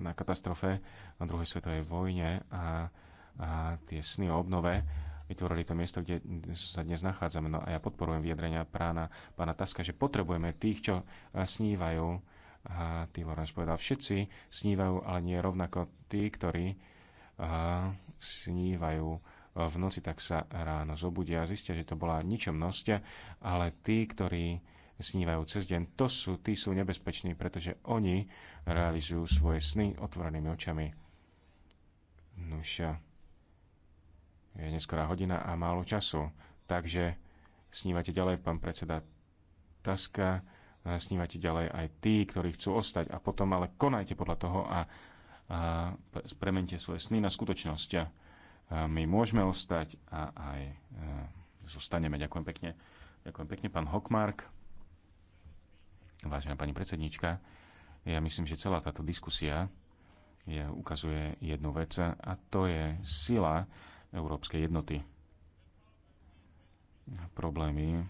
na katastrofe na druhej svetovej vojne a, a tie sny o obnove vytvorili to miesto, kde sa dnes nachádzame. No a ja podporujem vyjadrenia prána, pána Taska, že potrebujeme tých, čo snívajú a T. Lorenz povedal, všetci snívajú, ale nie rovnako tí, ktorí a, snívajú v noci, tak sa ráno zobudia a zistia, že to bola ničomnosť, ale tí, ktorí snívajú cez deň, to sú, tí sú nebezpeční, pretože oni realizujú svoje sny otvorenými očami. Nuša, je neskorá hodina a málo času, takže snívate ďalej, pán predseda Taska snívate ďalej aj tí, ktorí chcú ostať a potom ale konajte podľa toho a, a premente svoje sny na skutočnosť. A my môžeme ostať a aj a e, zostaneme. Ďakujem pekne. Ďakujem pekne, pán Hokmark. Vážená pani predsednička, ja myslím, že celá táto diskusia je, ukazuje jednu vec a to je sila európskej jednoty. Problémy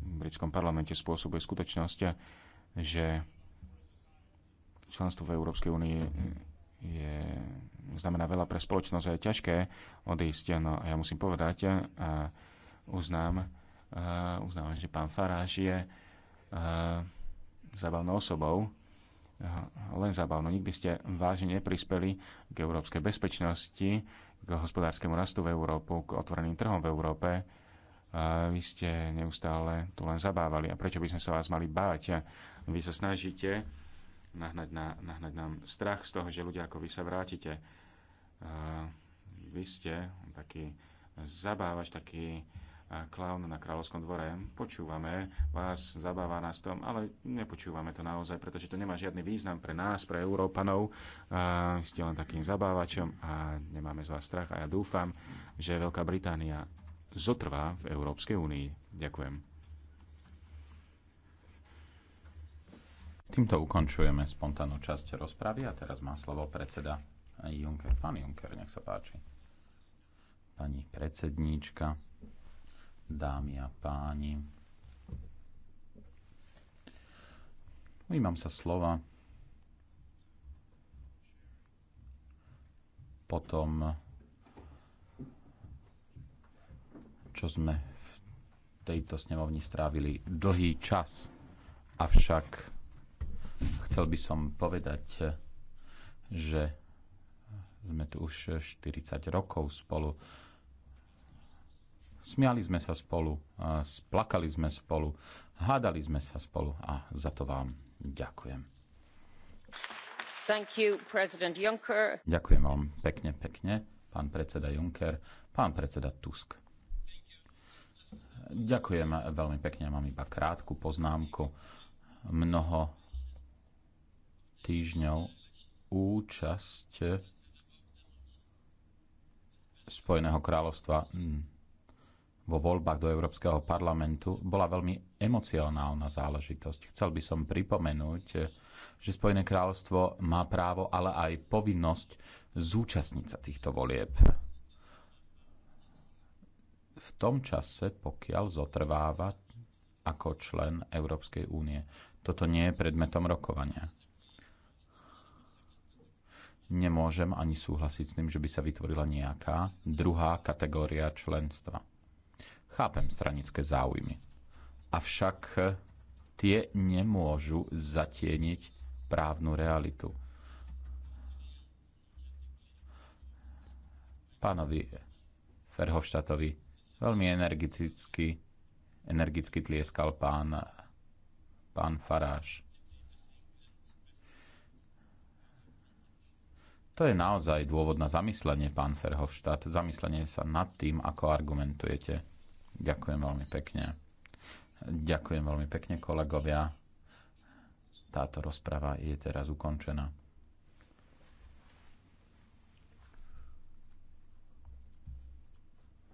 britskom parlamente spôsobuje skutočnosť, že členstvo v Európskej únii je, znamená veľa pre spoločnosť a je ťažké odísť. No a ja musím povedať a uznám, a uznám, že pán Faráž je zábavnou osobou, len zábavno. Nikdy ste vážne neprispeli k európskej bezpečnosti, k hospodárskemu rastu v Európu, k otvoreným trhom v Európe vy ste neustále tu len zabávali. A prečo by sme sa vás mali báť? Vy sa snažíte nahnať, na, nahnať nám strach z toho, že ľudia ako vy sa vrátite. Vy ste taký zabávač, taký klaun na kráľovskom dvore. Počúvame vás, zabáva nás tom, ale nepočúvame to naozaj, pretože to nemá žiadny význam pre nás, pre Európanov. Ste len takým zabávačom a nemáme z vás strach a ja dúfam, že Veľká Británia zotrvá v Európskej únii. Ďakujem. Týmto ukončujeme spontánnu časť rozpravy a teraz má slovo predseda Juncker. Pán Juncker, nech sa páči. Pani predsedníčka, dámy a páni, ujímam sa slova potom čo sme v tejto snemovni strávili dlhý čas. Avšak chcel by som povedať, že sme tu už 40 rokov spolu. Smiali sme sa spolu, splakali sme spolu, hádali sme sa spolu a za to vám ďakujem. Thank you, President Juncker. Ďakujem vám pekne, pekne, pán predseda Juncker, pán predseda Tusk. Ďakujem veľmi pekne, mám iba krátku poznámku. Mnoho týždňov účasť Spojeného kráľovstva hm, vo voľbách do Európskeho parlamentu bola veľmi emocionálna záležitosť. Chcel by som pripomenúť, že Spojené kráľovstvo má právo, ale aj povinnosť zúčastniť sa týchto volieb v tom čase, pokiaľ zotrváva ako člen Európskej únie. Toto nie je predmetom rokovania. Nemôžem ani súhlasiť s tým, že by sa vytvorila nejaká druhá kategória členstva. Chápem stranické záujmy. Avšak tie nemôžu zatieniť právnu realitu. Pánovi Ferhovštatovi Veľmi energeticky, energicky tlieskal pán, pán Faráš. To je naozaj dôvod na zamyslenie, pán Ferhovštát. Zamyslenie sa nad tým, ako argumentujete. Ďakujem veľmi pekne. Ďakujem veľmi pekne, kolegovia. Táto rozprava je teraz ukončená.